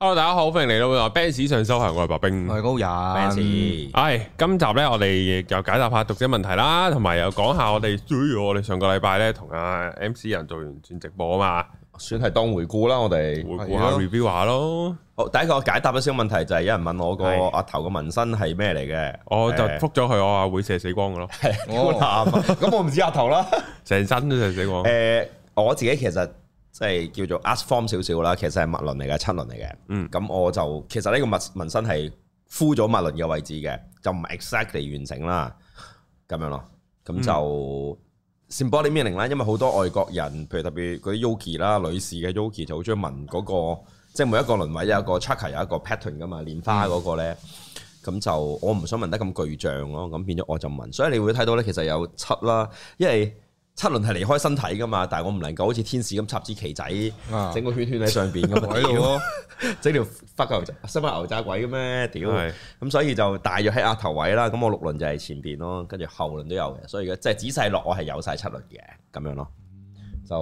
hello，大家好，歡迎嚟到 Benz 上修行，我係白兵，我係高人，Benz。係今集咧，我哋又解答下讀者問題啦，同埋又講下我哋，雖然我哋上個禮拜咧同阿 MC 人做完轉直播啊嘛，算係當回顧啦，我哋回顧下 review 下咯。好，第一個解答咗少少問題就係有人問我個阿頭個紋身係咩嚟嘅，我就覆咗佢，我話會射死光嘅咯，好難。咁我唔止阿頭啦，成身都射死光。誒，我自己其實。即係叫做 ask form 少，少少啦，其實係脈輪嚟嘅，七輪嚟嘅。嗯，咁我就其實呢個墨紋身係敷咗脈輪嘅位置嘅，就唔係 exactly 完成啦。咁樣咯，咁就、嗯、symbolic meaning 啦。因為好多外國人，譬如特別嗰啲 yogi 啦，女士嘅 yogi 就好中意紋嗰個，即係每一個輪位有一個 chakra 有一個 pattern 噶嘛，蓮花嗰個咧。咁、嗯、就我唔想紋得咁具象咯，咁變咗我就紋。所以你會睇到咧，其實有七啦，因為，七輪係離開身體噶嘛，但係我唔能夠好似天使咁插支旗仔，整個圈圈喺上邊咁啊屌， 整條發身牛仔，新發牛仔鬼嘅咩屌，咁是所以就大約喺額頭位啦。咁我六輪就係前邊咯，跟住後輪都有嘅，所以即係仔細落我係有晒七輪嘅咁樣咯，就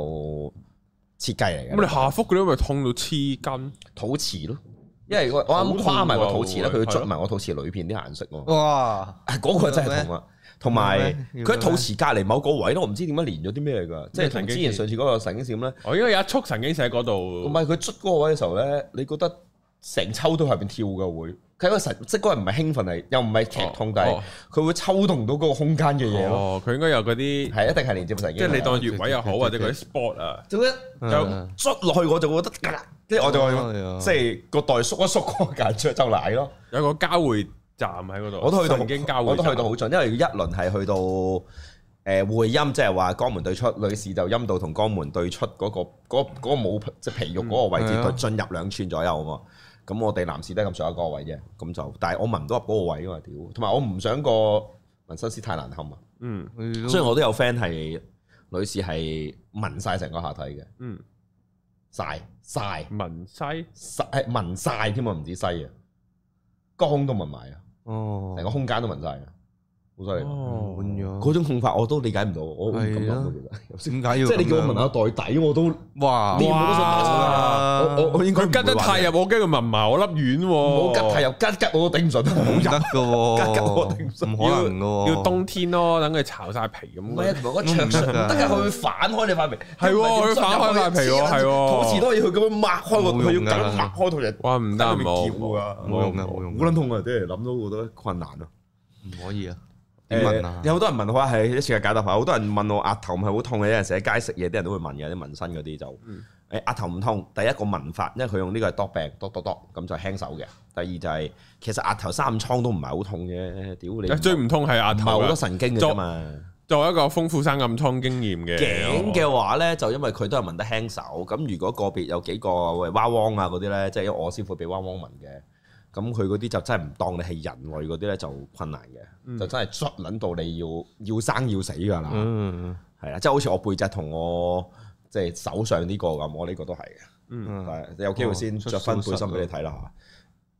設計嚟嘅。咁、嗯、是你下腹嗰啲咪痛到黐筋，肚臍咯，因為我啱跨埋個肚臍啦，佢捉埋我肚臍裏邊啲顏色喎。哇，嗰個真係痛啊！同埋佢肚臍隔籬某個位我唔知點解連咗啲咩嚟㗎，即係同之前上次嗰個神經線咁咧。哦，因為有一束神經線喺嗰度。唔係佢出嗰個位嘅時候咧，你覺得成抽都喺邊跳嘅會，佢因為神即嗰個唔係興奮嚟，又唔係劇痛，但係佢會抽動到嗰個空間嘅嘢咯。哦，佢應該有嗰啲係一定係連接神經。即係你當穴位又好，或者嗰啲 spot 啊，就一，就縮落去我就覺得，即係我就話，即係個袋縮一縮，夾出就嚟咯。有個交匯。站喺嗰度，我都去到已經交我都去到好盡，因為一輪係去到誒、呃、會陰，即係話肛門對出，女士就陰道同肛門對出嗰、那個冇即、那個那個就是、皮肉嗰個位置，佢、嗯、進入兩寸左右嘛。咁、嗯、我哋男士都係咁上下個位啫，咁就，但係我聞唔到入個位啊嘛，屌！同埋、嗯、我唔想個紋身師太難堪啊，嗯。雖然我都有 friend 係女士係紋晒成個下體嘅，嗯，晒，曬紋晒，曬係紋晒添啊，唔止曬啊，肛都紋埋啊。成個空間都聞晒嘅。好犀利，嗰種痛法，我都理解唔到。我唔咁諗，其實。點解要？即係你叫我問下袋底，我都哇！唔好信啊！我應該跟得太入，我驚佢紋埋我粒丸。唔好跟太入，跟跟我都頂唔順，唔得㗎喎！跟跟我都頂唔順，唔可能噶喎！要冬天咯，等佢巢晒皮咁。唔係啊，同埋嗰個牆上，得係佢會反開你塊皮。係喎，佢反開塊皮喎，係喎。我最多要佢咁樣擘開個，佢要咁樣擘開條嘢。哇，唔得啊，冇冇用啊，好卵痛啊！即係諗都覺得困難啊，唔可以啊。問，有好多人問嘅話，係一次嘅解答法。好多人問我額頭唔係好痛嘅，有陣時喺街食嘢，啲人都會問嘅，啲紋身嗰啲就，誒，額頭唔痛。第一個紋法，因為佢用呢個係剁病剁剁剁，咁就輕手嘅。第二就係，其實額頭三暗瘡都唔係好痛嘅。屌你最唔痛係額頭，好多神經嘅嘛。作為一個豐富三暗瘡經驗嘅頸嘅話咧，就因為佢都係紋得輕手。咁如果個別有幾個喂蛙汪啊嗰啲咧，即係我師傅俾蛙汪紋嘅。咁佢嗰啲就真係唔當你係人類嗰啲咧，就困難嘅。嗯、就真係捉撚到你要要生要死噶啦，係啦、嗯嗯，即係好似我背脊同我即係、就是、手上呢、個咁，我呢個都係嘅，係、嗯嗯、有機會先着翻背心俾你睇啦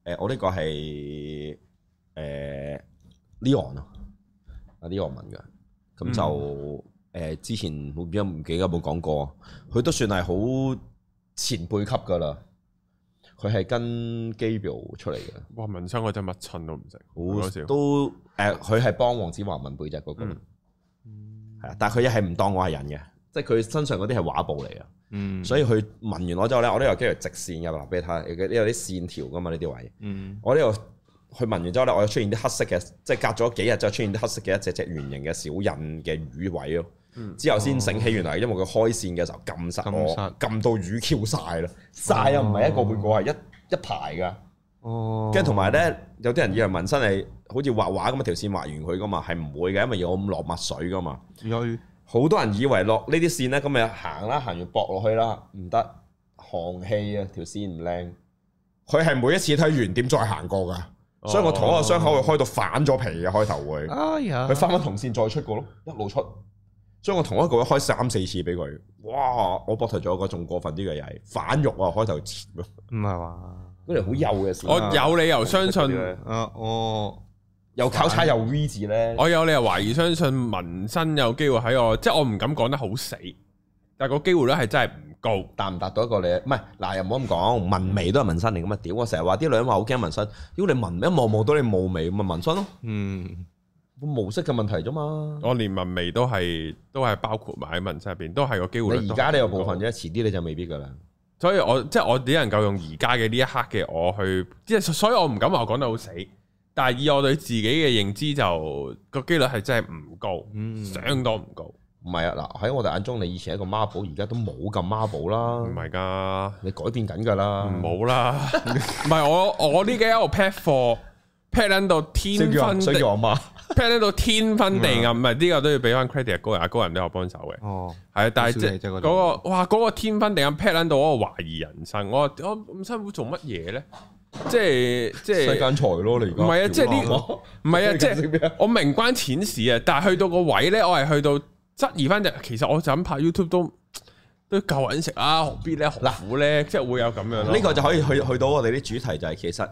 嚇。誒，我呢個係誒 Leon 啊，Leon 文嘅，咁就誒之前冇邊個唔記得有冇講過，佢都算係好前輩級噶啦。佢係跟 Gabriel 出嚟嘅。哇！紋身我真係乜親都唔識，好都誒，佢、呃、係幫黃子華紋背脊嗰個。係啊、嗯，但係佢又係唔當我係人嘅，即係佢身上嗰啲係畫布嚟嘅。嗯。所以佢紋完我之後咧，我都有幾條直線嘅，俾你睇。有啲線條㗎嘛，呢啲位。嗯。我呢度佢紋完之後咧，我又出現啲黑色嘅，即係隔咗幾日就出現啲黑色嘅一隻隻圓形嘅小印嘅魚位。咯。之後先醒起，原來因為佢開線嘅時候撳實我，撳殺、哦、到魚翹晒啦，晒又唔係一個半個，係一一排噶。哦，跟住同埋咧，有啲人以為紋身係好似畫畫咁啊，條線畫完佢噶嘛，係唔會嘅，因為要咁落墨水噶嘛。好為多人以為落呢啲線咧，咁咪行啦，行完駁落去啦，唔得寒氣啊，條線唔靚。佢係、哦、每一次睇完點再行過噶，哦、所以我同一個傷口會開到反咗皮嘅，開頭會。哎呀，佢翻翻同線再出過咯，一路出。將我同一個開三四次俾佢，哇！我膊頭做個仲過分啲嘅嘢，反肉啊！開頭唔係嘛，嗰條好幼嘅、啊。我有理由相信，啊，哦、呃，又考差又 V 字咧。啊、我有理由懷疑相信紋身有機會喺我，即係我唔敢講得好死，但係個機會咧係真係唔高，達唔達到一個你唔係嗱，又唔好咁講紋眉都係紋身嚟㗎嘛？屌！我成日話啲女人話好驚紋身，如果你紋一望望到你冇眉咁咪紋身咯，嗯。模式嘅問題啫嘛，我連文眉都係都係包括埋喺文身入邊，都係個機會。你而家咧有部分啫，遲啲你就未必噶啦。所以我即係我只能夠用而家嘅呢一刻嘅我去，即係所以我唔敢話我講得好死，但係以我對自己嘅認知就個機率係真係唔高，相當唔高。唔係啊嗱，喺我哋眼中，你以前一個孖寶，而家都冇咁孖寶啦。唔係噶，你改變緊噶啦，冇啦。唔係我我呢幾日喺度 pat 貨。 plan 到天昏地，plan 到天昏地暗，唔係，呢個都要俾翻 credit 阿高人，高人都有幫手嘅。哦，係啊，但係即係嗰個，哇，嗰個天昏地暗 plan 到，我懷疑人生，我我咁辛苦做乜嘢咧？即係即係，世間財咯，你唔係啊，即係呢，唔係啊，即係我明關錢事啊，但係去到個位咧，我係去到質疑翻就，其實我就咁拍 YouTube 都都夠穩食啊，何必咧，何苦咧？即係會有咁樣，呢個就可以去去到我哋啲主題，就係其實。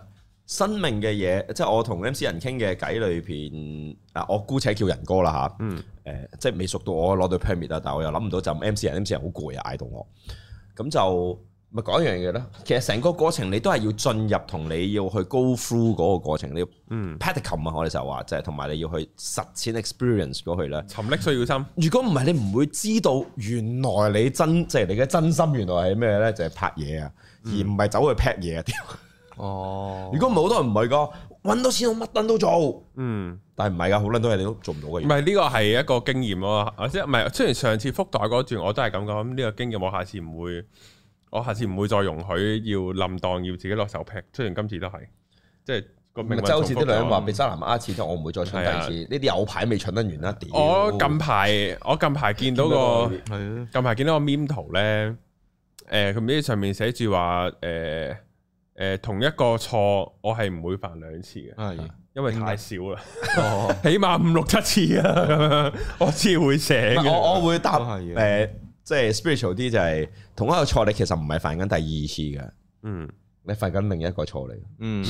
生命嘅嘢，即係我同 M C 人傾嘅偈裏邊，啊，我姑且叫人哥啦嚇。嗯。誒、呃，即係未熟到我攞到 permit 啊，但係我又諗唔到就 M C 人、嗯、M C 人好攰啊，嗌到我。咁就咪講、嗯、一樣嘢咯。其實成個過程你都係要進入同你要去 go through 嗰個過程，你要 pat the 琴啊。我哋就話即係同埋你要去實踐 experience 嗰去咧。沉溺需要心。如果唔係，你唔會知道原來你真即係、就是、你嘅真心原來係咩咧？就係、是、拍嘢啊，而唔係走去 p 嘢啊 哦，如果唔係，好多人唔係噶，搵到錢我乜都都做。嗯，但係唔係噶，好多人都係你都做唔到嘅。唔係呢個係一個經驗咯，即係唔係。雖然上次福袋嗰段我都係咁講，咁、這、呢個經驗我下次唔會，我下次唔會再容許要冧檔，要自己落手劈。雖然今次都係，即係個名。即係好似啲人話俾渣男孖一次，我唔會再搶第二次。呢啲有牌未搶得完啦，點？我近排我近排見到個近排見到，見到個面圖咧，誒、呃，佢呢上面寫住話誒。呃誒，同一個錯我係唔會犯兩次嘅，係因為太少啦，起碼五六七次啊，我先會醒。我我會答誒，即係 spiritual 啲就係同一個錯你其實唔係犯緊第二次嘅，嗯，你犯緊另一個錯嚟，嗯，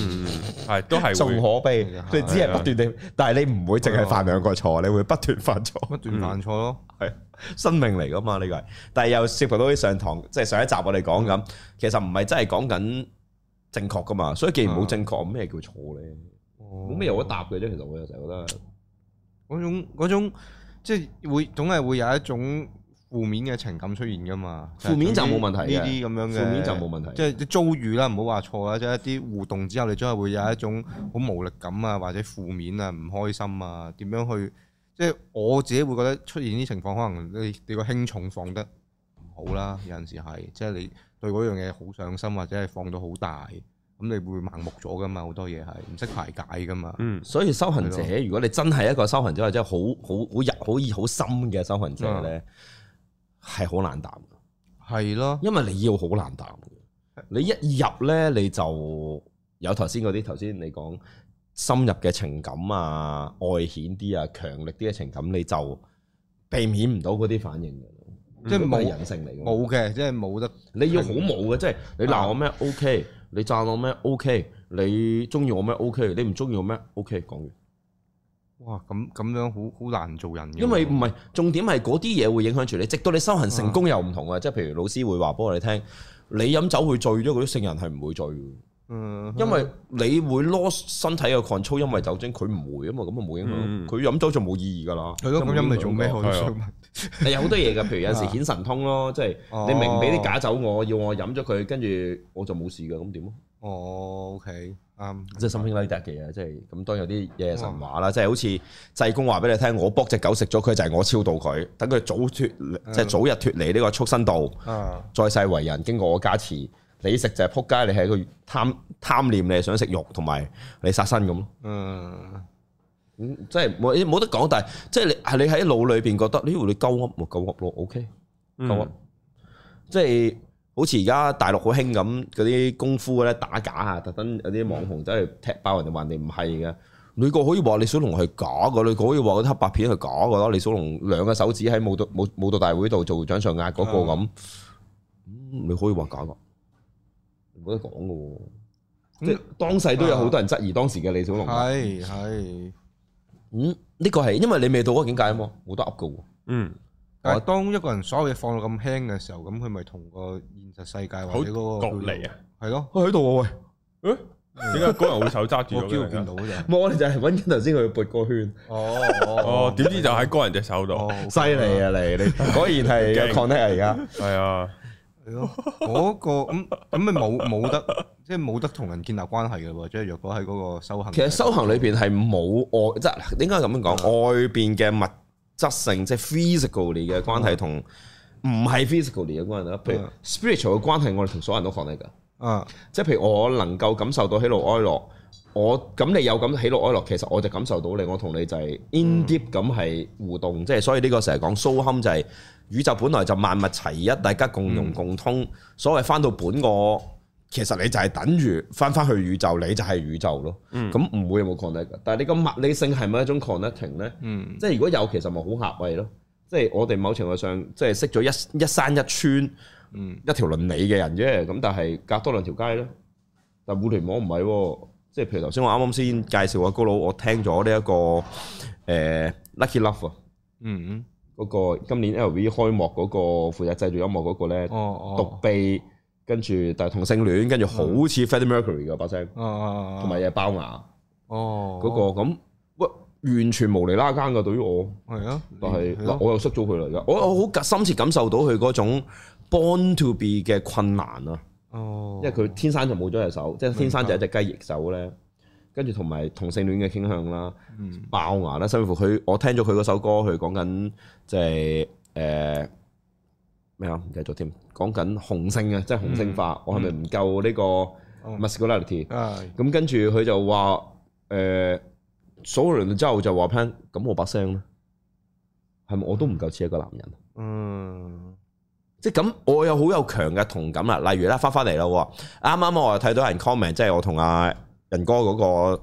係都係仲可悲，你只係不斷地，但係你唔會淨係犯兩個錯，你會不斷犯錯，不斷犯錯咯，係生命嚟噶嘛呢個，但係又涉及到啲上堂，即係上一集我哋講咁，其實唔係真係講緊。正確噶嘛，所以既然冇正確，咩、啊、叫錯咧？冇咩有得答嘅啫。其實我又就覺得嗰種即係會總係會有一種負面嘅情感出現噶嘛。負面就冇問題，呢啲咁樣嘅負面就冇問題。即係遭遇啦，唔好話錯啦，即係一啲互動之後，你總係會有一種好無力感啊，或者負面啊，唔開心啊，點樣去？即係我自己會覺得出現啲情況，可能你你個輕重放得唔好啦。有陣時係即係你。對嗰樣嘢好上心或者係放到好大，咁你會，會盲目咗噶嘛？好多嘢係唔識排解噶嘛。嗯，了所以修行者，如果你真係一個修行者，即係好好、好入、好易、好深嘅修行者咧，係好、嗯、難答。係咯、嗯，因為你要好難答。的你一入咧，你就有頭先嗰啲頭先你講深入嘅情感啊，外顯啲啊，強力啲嘅情感，你就避免唔到嗰啲反應。即係冇人性嚟，冇嘅，即係冇得。你要好冇嘅，即係你鬧我咩？O K，你讚我咩？O K，你中意我咩？O K，你唔中意我咩？O K，講完。哇，咁咁樣好好難做人嘅。因為唔係重點係嗰啲嘢會影響住你，直到你修行成功又唔同嘅。即係譬如老師會話俾我哋聽，你飲酒會醉，因為啲聖人係唔會醉。嗯。因為你會 loss 身體嘅 control，因為酒精佢唔會啊嘛，咁啊冇影響。佢飲酒就冇意義㗎啦。係咯，咁飲係做咩？係啊。你 有好多嘢噶，譬如有陣時顯神通咯，即係你明俾啲假酒我要我飲咗佢，跟住我就冇事噶，咁點啊？哦、oh,，OK，啱、um,，即係 something like that 嘅，即係咁當然有啲嘢神話啦，哦、即係好似濟公話俾你聽，我卜隻狗食咗佢就係、是、我超度佢，等佢早脫即係早日脫離呢個畜生道，再、嗯、世為人經過我加持，你食就係扑街，你係一個貪貪念，你係想食肉同埋你殺身咁咯。嗯、即係冇冇得講，但係即係你係你喺腦裏邊覺得呢度你鳩噏咪鳩噏咯，OK，鳩噏，嗯、即係好似而家大陸好興咁嗰啲功夫咧打假啊，特登有啲網紅走去踢爆人哋，話你唔係嘅，女個可以話李小龍係假個，你可以話啲黑白片係假個咯，李小龍兩個手指喺武道舞武道大會度做掌上壓嗰個咁，你可以話假個，冇得講噶，即係當世都有好多人質疑當時嘅李小龍，係係的。嗯，呢個係因為你未到嗰境界啊嘛，冇得噏噶喎。嗯，但係當一個人所有嘢放到咁輕嘅時候，咁佢咪同個現實世界或者嗰個隔離啊？係咯，佢喺度喎。誒，點解嗰人會手揸住我？機會見到啫。冇，我哋就係揾緊頭先佢撥個圈。哦哦，點知就喺嗰人隻手度。犀利啊！你你果然係有 connection 而家。係啊。係咯，嗰個咁咁咪冇冇得，即係冇得同人建立關係嘅喎。即係若果喺嗰個修行，其實修行裏邊係冇外即係點解咁樣講。外邊嘅物質性，即係 physical 嚟嘅關係，同唔係 physical 嚟嘅關係啦。譬如 spiritual 嘅關係，我哋同所有人都放得噶。啊，即係譬如我能夠感受到喜怒哀樂，我咁你有咁喜怒哀樂，其實我就感受到你，我同你就係 in deep 咁係互動。即係、嗯、所以呢個成日講蘇堪就係、是。宇宙本來就萬物齊一，大家共融共通。嗯、所謂翻到本我，其實你就係等於翻翻去宇宙，你就係宇宙咯。咁唔、嗯、會有冇 connect 嘅？但係你個物理性係咪一種 connecting 咧？嗯、即係如果有，其實咪好狹隘咯。即係我哋某程度上，即係識咗一一山一村、嗯、一條倫理嘅人啫。咁但係隔多兩條街咯。但互聯網唔係喎。即係譬如頭先我啱啱先介紹阿高佬，我聽咗呢一個誒、欸、lucky love。嗯。嗰個今年 LV 開幕嗰個負責製作音樂嗰個咧，獨臂跟住但係同性戀，跟住好似 Freddie Mercury 嘅把聲，同埋有包牙。哦，嗰個咁，哇，完全無厘啦更嘅對於我。係啊，但係嗱，我又識咗佢嚟㗎。我我好深切感受到佢嗰種 Born to be 嘅困難啊。哦，因為佢天生就冇咗隻手，即係天生就一隻雞翼手咧。跟住同埋同性戀嘅傾向啦，嗯、爆牙啦，甚至乎佢，我聽咗佢嗰首歌，佢講緊即係誒咩啊？唔記得添，講緊雄性啊，即係雄性化，我係咪唔夠呢個 masculinity？咁跟住佢就話誒，所有人之後就話 plan，咁我把聲咧，係咪我都唔夠似一個男人？嗯，即係咁，我有好有強嘅同感啦。例如啦，翻翻嚟啦，啱啱我又睇到人 comment，即係我同阿。仁哥嗰個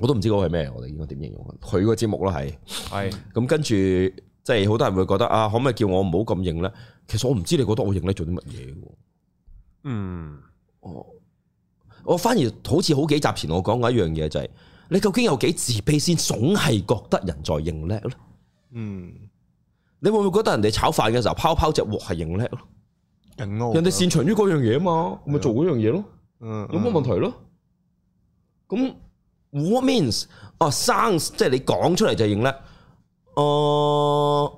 我都唔知嗰個係咩，我哋應該點形容佢個節目咯係，係咁是跟住，即係好多人會覺得啊，可唔可以叫我唔好咁認叻？其實我唔知你覺得我認叻做啲乜嘢嘅。嗯，我我反而好似好幾集前我講過一樣嘢、就是，就係你究竟有幾自卑先總係覺得人在認叻咧？嗯，你會唔會覺得人哋炒飯嘅時候拋拋隻鑊係認叻咯？人哋擅長於嗰樣嘢嘛，咪做嗰樣嘢咯？了嗯，有冇問題咯？咁 what means？啊 n 哦，s 即係你講出嚟就認叻。啊、uh，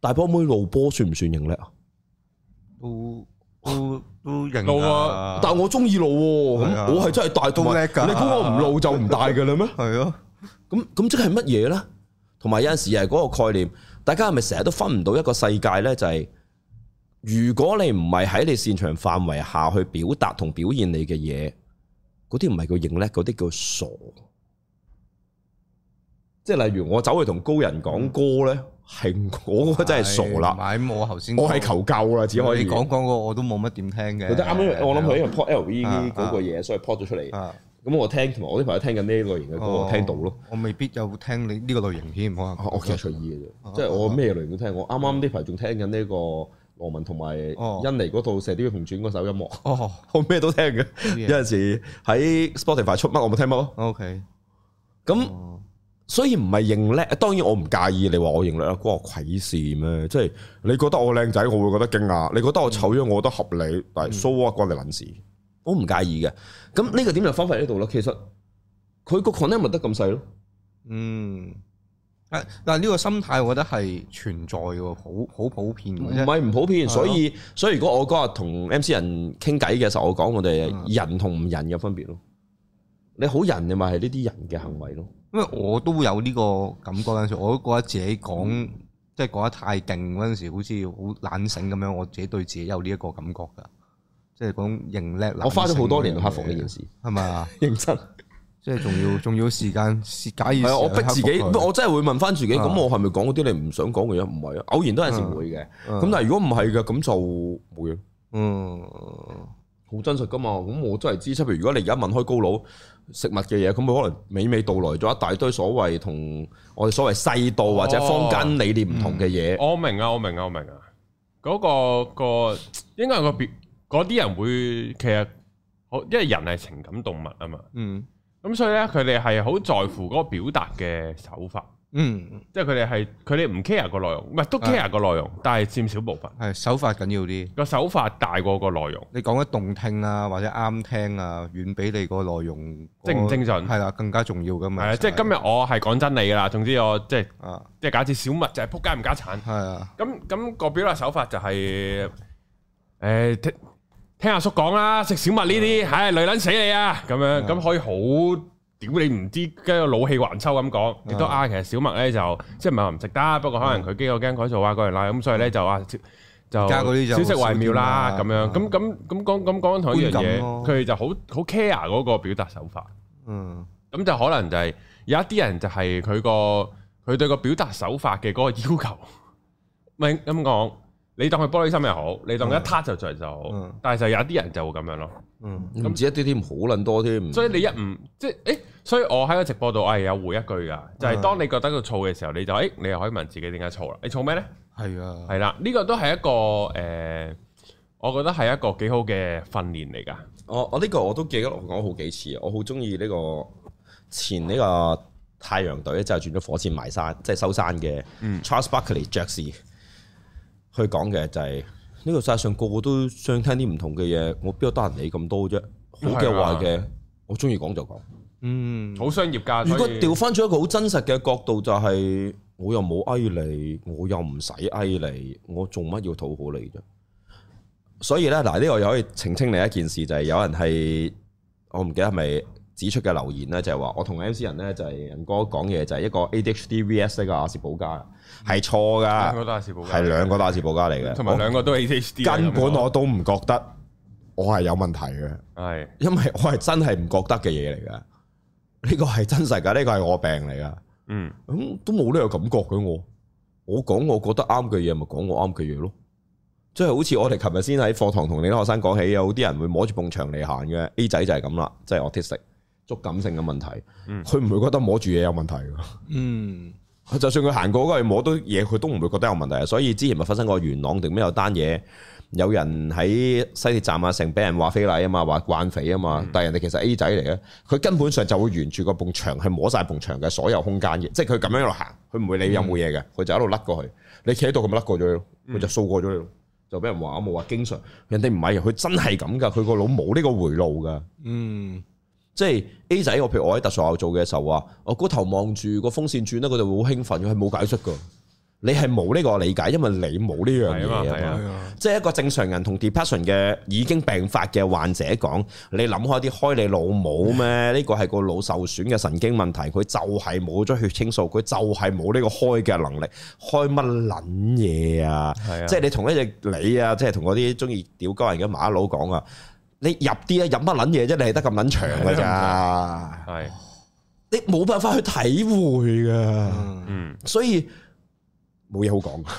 大波妹露波算唔算認叻啊？都都都認啊！但係我中意露喎，咁、啊、我係真係大到叻噶。你估我唔露就唔大噶啦咩？係 啊。咁咁即係乜嘢咧？同埋有陣時又係嗰個概念，大家係咪成日都分唔到一個世界咧？就係、是、如果你唔係喺你擅長範圍下去表達同表現你嘅嘢。嗰啲唔係叫型叻，嗰啲叫傻。即係例如我走去同高人講歌咧，係我真係傻啦。唔係我頭先，我係求救啦，只可以講講個，我都冇乜點聽嘅。覺啱，我諗佢因為 Pod LV 嗰個嘢，所以 Pod 咗出嚟。咁我聽同埋我呢排都聽緊呢類型嘅歌，我聽到咯。我未必有聽你呢個類型添。我我其實隨意嘅啫，即係我咩類型都聽。我啱啱呢排仲聽緊呢個。羅文同埋恩妮嗰套《射鵰英雄傳》嗰首音樂，哦、 我咩都聽嘅。有陣 時喺 Spotify 出乜我冇聽乜咯。O K，咁所以唔係認叻，當然我唔介意你話我認叻啦。關我鬼事咩？即係你覺得我靚仔，我會覺得驚訝；你覺得我醜咗，我覺得合理。但係 so what 關你撚事，我唔、嗯、介意嘅。咁呢個點就方法喺呢度咯。其實佢個 content 咪得咁細咯。嗯。誒，但係呢個心態，我覺得係存在嘅，好好普遍唔係唔普遍，的所以所以如果我嗰日同 MC 仁傾偈嘅時候，我講我哋人同唔人有分別咯。你好人，你咪係呢啲人嘅行為咯。因為我都有呢個感覺陣時，我都覺得自己講即係講得太勁嗰陣時，好似好懶醒咁樣，我自己對自己有呢一個感覺噶。即係講認叻，我花咗好多年去克服呢件事，係咪啊？ 認真。即係仲要仲要時間，假我逼自己，我真係會問翻自己。咁、嗯、我係咪講嗰啲你唔想講嘅嘢？唔係啊，偶然都有時會嘅。咁、嗯、但係如果唔係嘅，咁就冇嘢。嗯，好、嗯、真實噶嘛。咁我真係知。譬如如果你而家問開高佬食物嘅嘢，咁佢可能娓娓道來咗一大堆所謂同我哋所謂世道或者坊間理念唔同嘅嘢、哦嗯。我明啊，我明啊，我明啊。嗰、嗰個、嗰個應該、係個別嗰啲人會其實，因為人係情感動物啊嘛。嗯。咁所以咧，佢哋係好在乎嗰個表達嘅手法，嗯，即係佢哋係佢哋唔 care 個內容，唔係都 care 個內容，但係佔少部分。係手法緊要啲，個手法大過個內容。你講得動聽啦，或者啱聽啊，遠比你個內容精唔精準係啦，更加重要㗎嘛。係啊，即係今日我係講真理㗎喇。總之我即係即係假設小麥就係仆街唔加產。係啊。咁咁個表達手法就係誒聽。聽阿叔講啦，食小麥呢啲，唉，女捻死你啊！咁樣咁可以好屌你唔知，跟住老氣橫秋咁講，亦都啊，其實小麥咧就即係唔係話唔食得，不過可能佢驚個驚改造啊個人啦，咁所以咧就啊就少食為妙啦，咁樣咁咁咁講咁講同一樣嘢，佢哋就好好 care 嗰個表達手法，嗯，咁就可能就係有一啲人就係佢個佢對個表達手法嘅嗰個要求，咪咁講。你當佢玻璃心又好，你當佢一撻就着就好。嗯、但係就有啲人就會咁樣咯。嗯，咁只樣一啲添，好撚多添。所以你一唔即係，誒，所以我喺個直播度，我係有回一句噶，嗯、就係當你覺得個燥嘅時候，你就誒，你又可以問自己點解燥啦？你燥咩咧？係啊，係啦，呢、呢個都係一個誒、呃，我覺得係一個幾好嘅訓練嚟噶。我我呢個我都記得講好幾次，我好中意呢個前呢個太陽隊之後轉咗火箭埋山，即係收山嘅 Charles Barkley 爵士。佢講嘅就係、是、呢、這個世界上個個都想聽啲唔同嘅嘢，我邊有得閒理咁多啫？好嘅壞嘅，我中意講就講。嗯，好商業價值。如果調翻咗一個好真實嘅角度、就是，就係我又冇哀你，我又唔使哀你，我做乜要討好你啫？所以咧，嗱呢個又可以澄清你一件事，就係、是、有人係我唔記得係咪？指出嘅留言咧，就係話我同 M.C 仁咧就係仁哥講嘢就係一個 A.D.H.D.V.S. 一個阿士堡家，係錯噶，兩個阿士堡家，係兩個阿士堡家嚟嘅，同埋兩個都，都 A.D.H.D. 根本我都唔覺得我係有問題嘅，係，因為我係真係唔覺得嘅嘢嚟嘅，呢個係真實㗎，呢個係我病嚟㗎，嗯，咁都冇呢個感覺嘅我，我講我覺得啱嘅嘢咪講我啱嘅嘢咯，即係好似我哋琴日先喺課堂同你啲學生講起，有啲人會摸住埲牆嚟行嘅，A 仔就係咁啦，即係我 t e 觸感性嘅問題，佢唔、嗯、會覺得摸住嘢有問題嘅。嗯，就算佢行過嗰度摸到嘢，佢都唔會覺得有問題。所以之前咪發生過元朗定咩有單嘢，有人喺西鐵站啊，成俾人話非禮啊嘛，話慣匪啊嘛。嗯、但係人哋其實 A 仔嚟嘅，佢根本上就會沿住個埲牆係摸晒埲牆嘅所有空間嘅，即係佢咁樣一路行，佢唔會理會有冇嘢嘅，佢、嗯、就一路甩過去。你企喺度佢咪甩過咗，佢就掃過咗，嗯、就俾人話冇話經常。人哋唔係，佢真係咁噶，佢個腦冇呢個回路噶。嗯。即係 A 仔，我譬如我喺特殊學校做嘅時候啊，我個頭望住個風扇轉咧，佢就好興奮，佢係冇解釋噶。你係冇呢個理解，因為你冇呢樣嘢啊。即係一個正常人同 depression 嘅已經病發嘅患者講，你諗開啲開你老母咩？呢個係個腦受損嘅神經問題，佢就係冇咗血清素，佢就係冇呢個開嘅能力，開乜撚嘢啊？係啊，即係你同一隻你啊，即係同嗰啲中意屌鳩人嘅麻甩佬講啊！你入啲啊，飲乜捻嘢啫？你係得咁捻長噶咋？係的你冇辦法去體會噶，嗯，所以冇嘢好講完，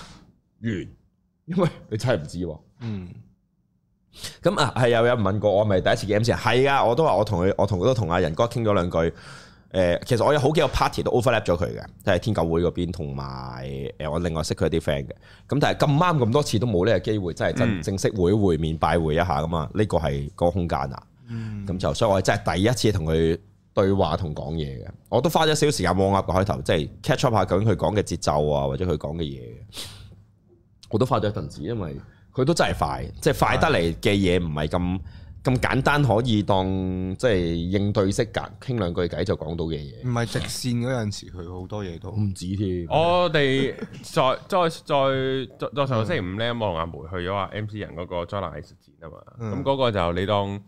因為你真係唔知，嗯。咁啊，係有有人問過我，咪第一次嘅 MC，係啊，我都話我同佢，我同佢都同阿仁哥傾咗兩句。誒，其實我有好幾個 party 都 overlap 咗佢嘅，即係天狗會嗰邊，同埋誒我另外識佢啲 friend 嘅。咁但係咁啱咁多次都冇呢個機會，真係真正式會會面拜會一下噶嘛？呢個係個空間啊。咁、嗯、就所以我真係第一次同佢對話同講嘢嘅。我都花咗少少時間望下個開頭，即係 catch up 下究竟佢講嘅節奏啊，或者佢講嘅嘢嘅。我都花咗一陣子，因為佢都真係快，即係快，快得嚟嘅嘢唔係咁。咁簡單可以當即係應對式㗎，傾兩句偈就講到嘅嘢。唔係直線嗰陣時，佢好的多嘢都唔止添。麼我哋再再再再上個星期五咧，望阿梅去咗啊 M C 人嗰個災難藝術展啊嘛。咁嗰、嗯、個就你當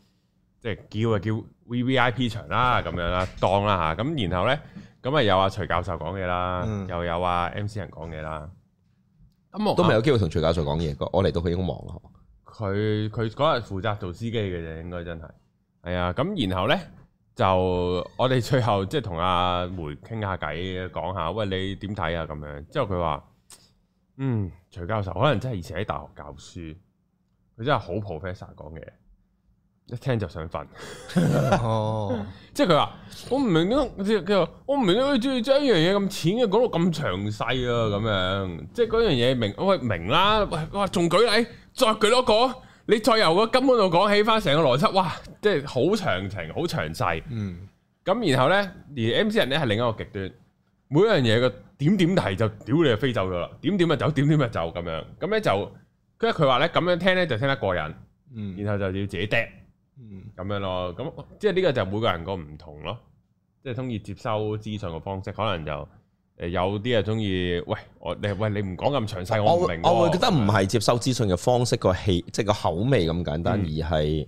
即係、就是、叫啊叫 V V I P 場啦，咁樣啦當啦、啊、吓。咁然後咧，咁啊有阿徐教授講嘢啦，嗯、又有啊 M C 人講嘢啦。咁、嗯、但我都未有機會同徐教授講嘢，我嚟到佢已經忙啦。佢佢嗰日負責做司機嘅啫，應該真係係、哎、啊。咁然後咧就我哋最後即係同阿梅傾下偈，講下喂你點睇啊咁樣。之後佢話：嗯，徐教授可能真係以前喺大學教書，佢真係好 professor 講嘢，一聽就想瞓。 哦，即係佢話我唔明咯，佢、就、話、是、我唔明佢將一樣嘢咁淺嘅講到咁詳細啊，咁樣即係嗰樣嘢明，喂明啦、啊，喂我話仲舉例。再佢攞個，你再由個根本度講起翻成個邏輯，哇，即係好詳情、好詳細。嗯，咁然後咧，而 MC 仁咧係另一個極端，每一樣嘢個點點提就屌你啊飛走咗啦，點點就走，點點就走咁樣。咁咧就，因為佢話咧咁樣聽咧就聽得過癮。嗯，然後就要自己 drop。嗯，咁樣咯，咁即係呢個就每個人個唔同咯，即係通過接收資訊嘅方式，可能就。有啲人，中意喂我你喂你唔講咁詳細，我唔明我。我會覺得唔係接收資訊嘅方式個氣，即係個口味咁簡單，嗯、而係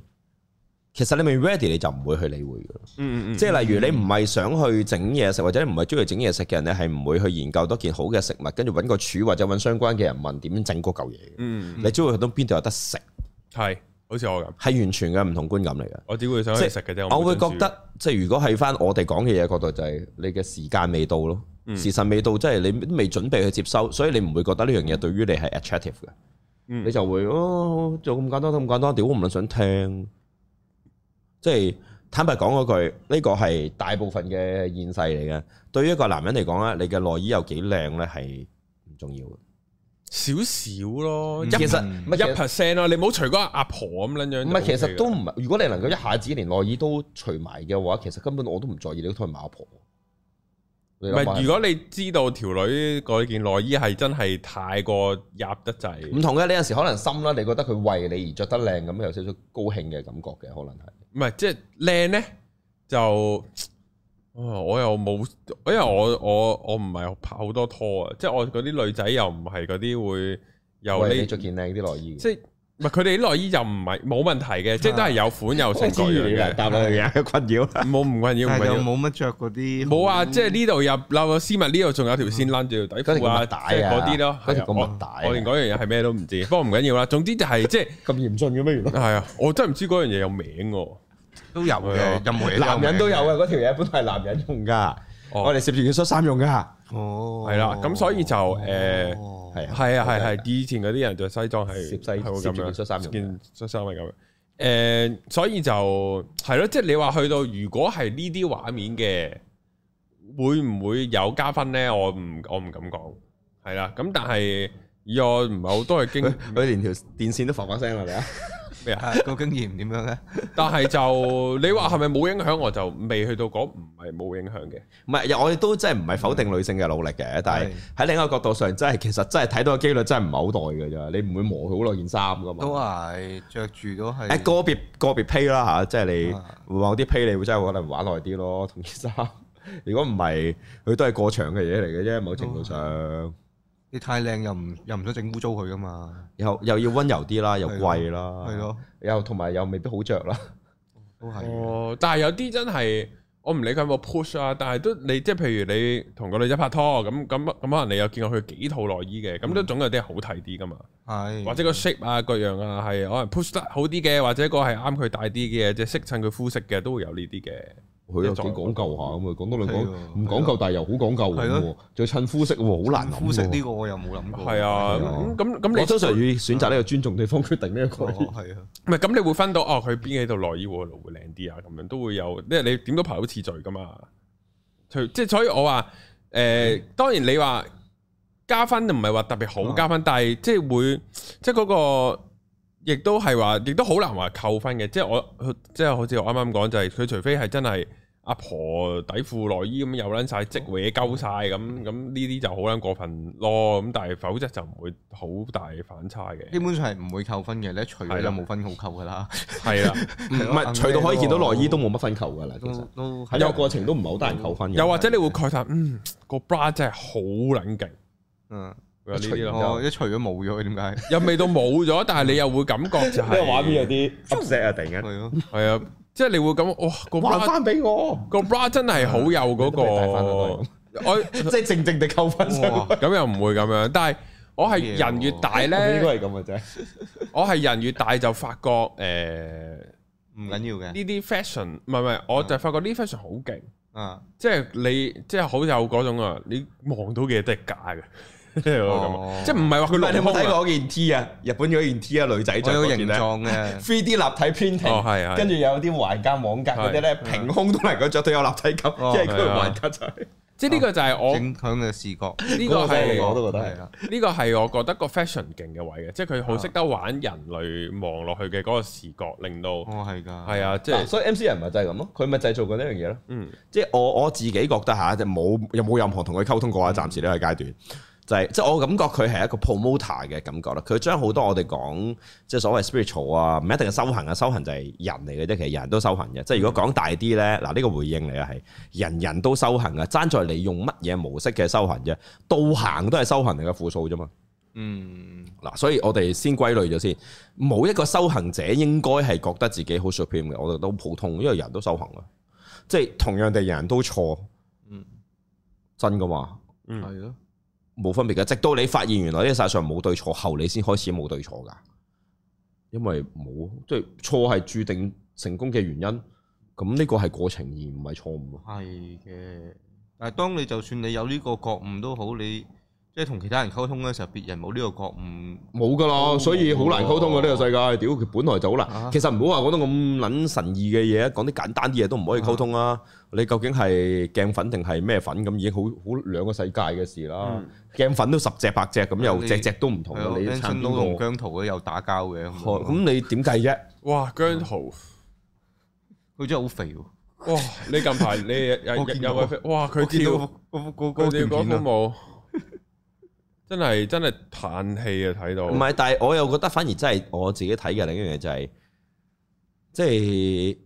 其實你未 ready，你就唔會去理會嘅。嗯嗯即係例如你唔係想去整嘢食，或者唔係中意整嘢食嘅人你係唔會去研究多件好嘅食物，跟住搵個處或者搵相關嘅人問點整嗰嚿嘢。嗯嗯你只會去到邊度有得食，係好似我咁，係完全嘅唔同觀感嚟嘅。嗯嗯嗯我只會想去食嘅啫。是我,我會覺得即係、嗯、如果係翻我哋講嘅嘢，角度就係、是、你嘅時間未到咯。時辰未到，即係你未準備去接收，所以你唔會覺得呢樣嘢對於你係 attractive 嘅，嗯、你就會哦做咁簡單都咁簡單，屌我唔撚想聽。即係坦白講嗰句，呢、呢個係大部分嘅現世嚟嘅。對於一個男人嚟講啊，你嘅內衣有幾靚咧，係唔重要嘅。少少咯，其實一 percent 咯，你唔好除個阿婆咁撚樣，樣、OK。唔係，其實都唔係。如果你能夠一下子連內衣都除埋嘅話，其實根本我都唔在意你都同埋阿婆。唔係，如果你知道條女嗰件內衣係真係太過入得滯，唔同嘅，你有陣時可能心啦，你覺得佢為你而着得靚咁有少少高興嘅感覺嘅，可能係唔係即係靚咧？就我又冇，因為我我我唔係拍好多拖啊，即係我嗰啲女仔又唔係嗰啲會有你着件靚啲內衣，即係。佢哋內衣又唔係冇問題嘅，即係都係有款有成個樣嘅，答唔到人困擾。冇唔困擾，冇乜着嗰啲。冇啊，即係呢度入摱咗絲襪，呢度仲有條線躝住條底褲，嗰條物帶啊，嗰啲咯，嗰條物帶。我連嗰樣嘢係咩都唔知，不過唔緊要啦。總之就係即係咁嚴峻嘅咩原？係啊，我真係唔知嗰樣嘢有名喎。都有嘅，任何男人都有嘅，嗰條嘢本來係男人用噶。我哋食住件恤衫用噶。哦，係啦，oh，咁所以就誒，係，呃 oh, 啊，係啊，係啊，啊啊以前嗰啲人着西裝係，咁樣西，件，啊、西裝係咁樣，誒，所以就係咯，即係你話去到，如果係呢啲畫面嘅，會唔會有加分咧？我唔，我唔敢講，係啦，咁但係又唔係好多嘅驚，佢連條電線都發發聲落你。啊！咩啊？個經驗點樣咧？ 但係就你話係咪冇影響，我影響？我就未去到講唔係冇影響嘅。唔係，我哋都真係唔係否定女性嘅努力嘅。但係喺另一個角度上，真係其實真係睇到嘅機率真係唔係好耐嘅咋。你唔會磨佢好耐件衫噶嘛？都係着住都係誒、啊、個別個別 play 啦嚇，即係你話啲 play 你會真係可能玩耐啲咯。同件衫，如果唔係佢都係過場嘅嘢嚟嘅啫。某程度上。你太靚又唔又唔想整污糟佢噶嘛？又又要溫柔啲啦，又貴啦，係咯，又同埋又未必好着啦，都係。哦，但係有啲真係我唔理佢有冇 push 啊，但係都你即係譬如你同個女仔拍拖咁咁咁可能你有見過佢幾套內衣嘅，咁都總有啲好睇啲噶嘛。係、嗯，或者個 shape 啊，各樣啊，係可能 push 得好啲嘅，或者個係啱佢大啲嘅，即係適襯佢膚色嘅都會有呢啲嘅。佢又幾講究下咁啊！講多兩講唔講究，但係又好講究仲要襯膚色喎，好難諗。膚色呢個我又冇諗過。係啊，咁咁你通常要選擇呢個尊重對方決定咩嘅？哦，係啊。唔係咁，你會分到哦，佢邊喺度內衣會靚啲啊？咁樣都會有，因為你點都排好次序㗎嘛。即係所以我話誒，當然你話加分唔係話特別好加分，但係即係會即係嗰個。亦都係話，亦都好難話扣分嘅，即係我，即係好似我啱啱講就係，佢除非係真係阿婆底褲內衣咁有捻晒積嘢，夠晒咁，咁呢啲就好捻過分咯。咁但係否則就唔會好大反差嘅。基本上係唔會扣分嘅，你除咗有冇分好扣噶啦？係啦，唔係除到可以見到內衣都冇乜分扣噶啦，其實都都都有過程都唔係好得人扣分嘅。又或者你會慨嘆的、嗯，嗯，個 bra 真係好捻勁，嗯。呢啲咯，一除咗冇咗，點解？又未到冇咗，但係你又會感覺就係畫面有啲凹蝕啊！突然間係咯，係啊我，即係你會咁哇，畫翻俾我個 bra 真係好有嗰個。我即係靜靜地扣翻上。咁又唔會咁樣，但係我係人越大咧， 應該係咁嘅啫。 我係人越大就發覺誒，唔、呃、緊要嘅呢啲 fashion，唔係唔係，我就發覺呢啲 fashion、嗯就是、好勁啊！即係你即係好有嗰種啊，你望到嘅嘢，都係假嘅。即係咁，即係唔係話佢。但係你有冇睇過嗰件 T 啊？日本嗰件 T 啊，女仔着形狀嘅，three D 立體 print。哦，係啊。跟住有啲橫間網格嗰啲咧，平胸都嚟佢着到有立體感，即係佢橫間就係。即係呢個就係我影響嘅視覺。呢個係我都覺得係啦。呢個係我覺得個 fashion 勁嘅位嘅，即係佢好識得玩人類望落去嘅嗰個視覺，令到哦係噶係啊，即係。所以 MC 仁咪就係咁咯，佢咪就係做過呢樣嘢咯。嗯，即係我我自己覺得吓，就冇又冇任何同佢溝通過啊，暫時呢個階段。就係、即係我感覺佢係一個 promoter 嘅感覺啦，佢將好多我哋講即係所謂 spiritual 啊，唔一定係修行啊，修行就係人嚟嘅啫。其實人都修行嘅，即係如果講大啲咧，嗱、這、呢個回應嚟嘅係人人都修行啊，爭在你用乜嘢模式嘅修行啫，道行都係修行嚟嘅副數啫嘛。嗯，嗱，所以我哋先歸類咗先，冇一個修行者應該係覺得自己好 superior 嘅，我哋都普通，因為人都修行啊，即係同樣地人人都錯。嗯，真噶嘛？嗯，係咯。冇分別嘅，直到你發現原來呢世上冇對錯後，你先開始冇對錯㗎。因為冇即係錯係注定成功嘅原因，咁呢個係過程而唔係錯誤。係嘅，但係當你就算你有呢個覺悟都好，你。即係同其他人溝通嘅時候，別人冇呢個覺悟，冇㗎啦，所以好難溝通嘅呢個世界。屌佢本來就好難，其實唔好話講到咁撚神異嘅嘢，講啲簡單啲嘢都唔可以溝通啊！你究竟係鏡粉定係咩粉咁，已經好好兩個世界嘅事啦。鏡粉都十隻百隻咁，又隻隻都唔同。你差唔多同姜濤又打交嘅，咁你點計啫？哇！姜濤佢真係好肥喎！哇！你近排你又又又係哇！佢跳嗰嗰嗰段片都冇。真係真係嘆氣啊！睇到唔係，但係我又覺得反而真係我自己睇嘅另一樣嘢就係，即係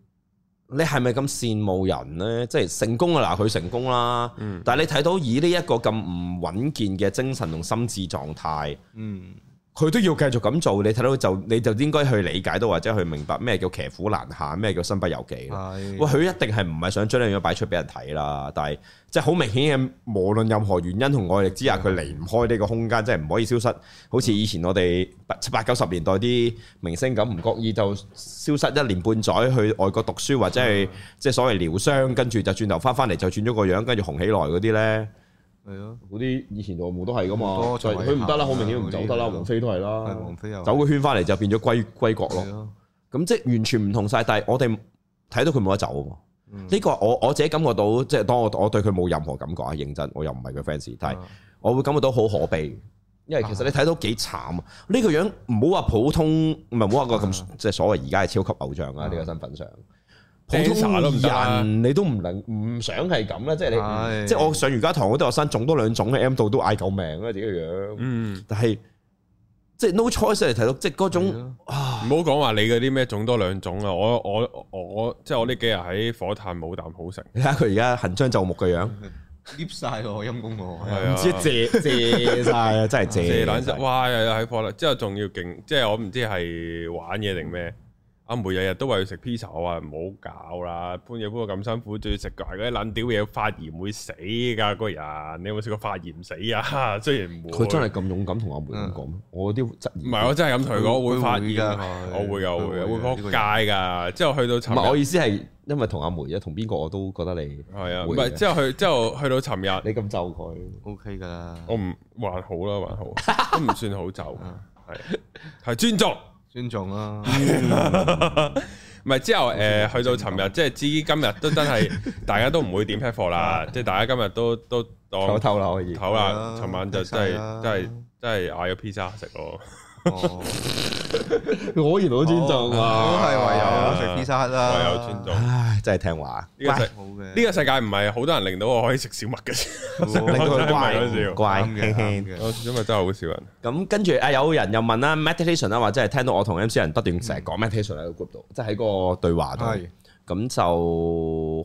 你係咪咁羨慕人呢？即係成功啊！嗱，佢成功啦，嗯，但係你睇到以呢一個咁唔穩健嘅精神同心智狀態，嗯。佢都要繼續咁做，你睇到就你就應該去理解到或者去明白咩叫騎虎難下，咩叫身不由己。佢的一定係唔係想將呢樣擺出俾人睇啦？但係即係好明顯嘅，無論任何原因同外力之下，佢的離唔開呢個空間，即係唔可以消失。好似以前我哋八八九十年代啲明星咁，唔覺意就消失一年半載去外國讀書或者係即係所謂療傷，跟住就轉頭返返嚟就轉咗個樣，跟住紅起來嗰啲呢。係咯，嗰啲以前台模都係噶嘛，佢唔得啦，好明顯唔走得啦，王菲都係啦，係王菲啊，走個圈翻嚟就變咗歸歸國咯。咁即係完全唔同晒，但係我哋睇到佢冇得走喎，呢個我我自己感覺到，即係當我我對佢冇任何感覺啊，認真，我又唔係佢 fans，但係我會感覺到好可悲，因為其實你睇到幾慘，呢個樣唔好話普通，唔係唔好話個咁即係所謂而家係超級偶像啊，呢個身份上。普通人你都唔能唔、啊、想係咁啦，即、就、係、是、你，哎、即係我上瑜伽堂嗰啲學生，種多兩種喺 M 度都嗌救命啦、啊，點嘅樣？嗯，但係即係 no choice 嚟睇到，即係嗰種啊，唔好講話你嗰啲咩種多兩種啊！我我我我即係我呢幾日喺火炭冇啖好食，你睇佢而家行將就木嘅樣，lift 晒我陰功我，唔知借借晒啊，真係借兩聲，哇又係破啦，之後仲要勁，即係我唔知係玩嘢定咩。阿梅日日都話要食 pizza，我話唔好搞啦，搬嘢搬到咁辛苦，仲要食埋嗰啲冷屌嘢，發炎會死噶，嗰個人，你有冇試過發炎死啊？雖然唔會佢真係咁勇敢同阿梅咁講，我啲唔係我真係咁同佢講，會發炎，我會有會扑街噶，之後去到尋日，唔係我意思係，因為同阿梅啊，同邊個我都覺得你係啊，唔係之後去之後去到尋日，你咁咒佢 OK 噶啦，我唔還好啦，還好都唔算好咒。係係尊重。尊重啦，唔係之後誒，去到尋日，即係至於今日都真係，大家都唔會點 pack 貨啦，即係大家今日都都當偷漏可以好啦。尋晚就真係真係真係嗌咗 pizza 食咯。哦。我原來好尊重啊，係唯有食 pizza 啦，唯有尊重。唉，真係聽話。呢個世好嘅，呢個世界唔係好多人令到我可以食小麥嘅，令到嘅。因為真係好少人。咁跟住啊，有人又問啦，meditation 啦，或者係聽到我同 M C 人不斷成日講 meditation 喺個 group 度，即係喺個對話度。咁就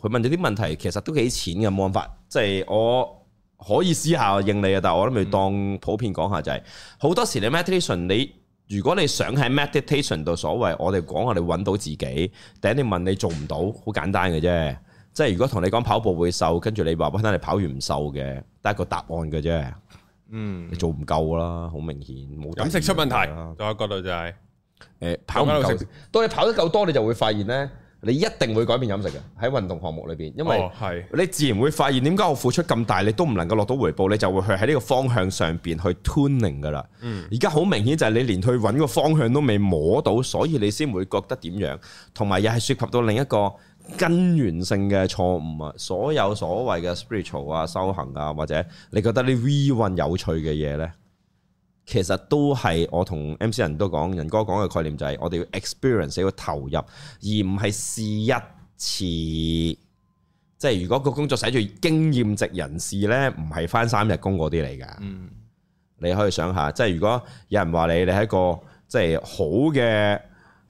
佢問咗啲問題，其實都幾淺嘅冇問法。即係我可以試下應你啊，但係我都未當普遍講下就係，好多時你 meditation 你。如果你想喺 meditation 度所謂，我哋講我哋揾到自己，第一啲問你做唔到，好簡單嘅啫。即係如果同你講跑步會瘦，跟住你話，可能你跑完唔瘦嘅，得一個答案嘅啫。嗯，你做唔夠啦，好明顯。飲食出問題。仲有一角度就係、是，誒、欸，跑唔夠。當你跑得夠多，你就會發現咧。你一定會改變飲食嘅，喺運動項目裏邊，因為你自然會發現點解我付出咁大，你都唔能夠落到回報，你就會去喺呢個方向上邊去 tuning 噶啦。嗯，而家好明顯就係你連去揾個方向都未摸到，所以你先會覺得點樣，同埋又係涉及到另一個根源性嘅錯誤啊！所有所謂嘅 spiritual 啊、修行啊，或者你覺得你 V1 有趣嘅嘢呢。其實都係我同 MC 仁都講，仁哥講嘅概念就係我哋要 experience 要投入，而唔係試一次。即係如果個工作寫住經驗值人士呢，唔係翻三日工嗰啲嚟㗎。嗯，你可以想下，即係如果有人話你你係一個即係、就是、好嘅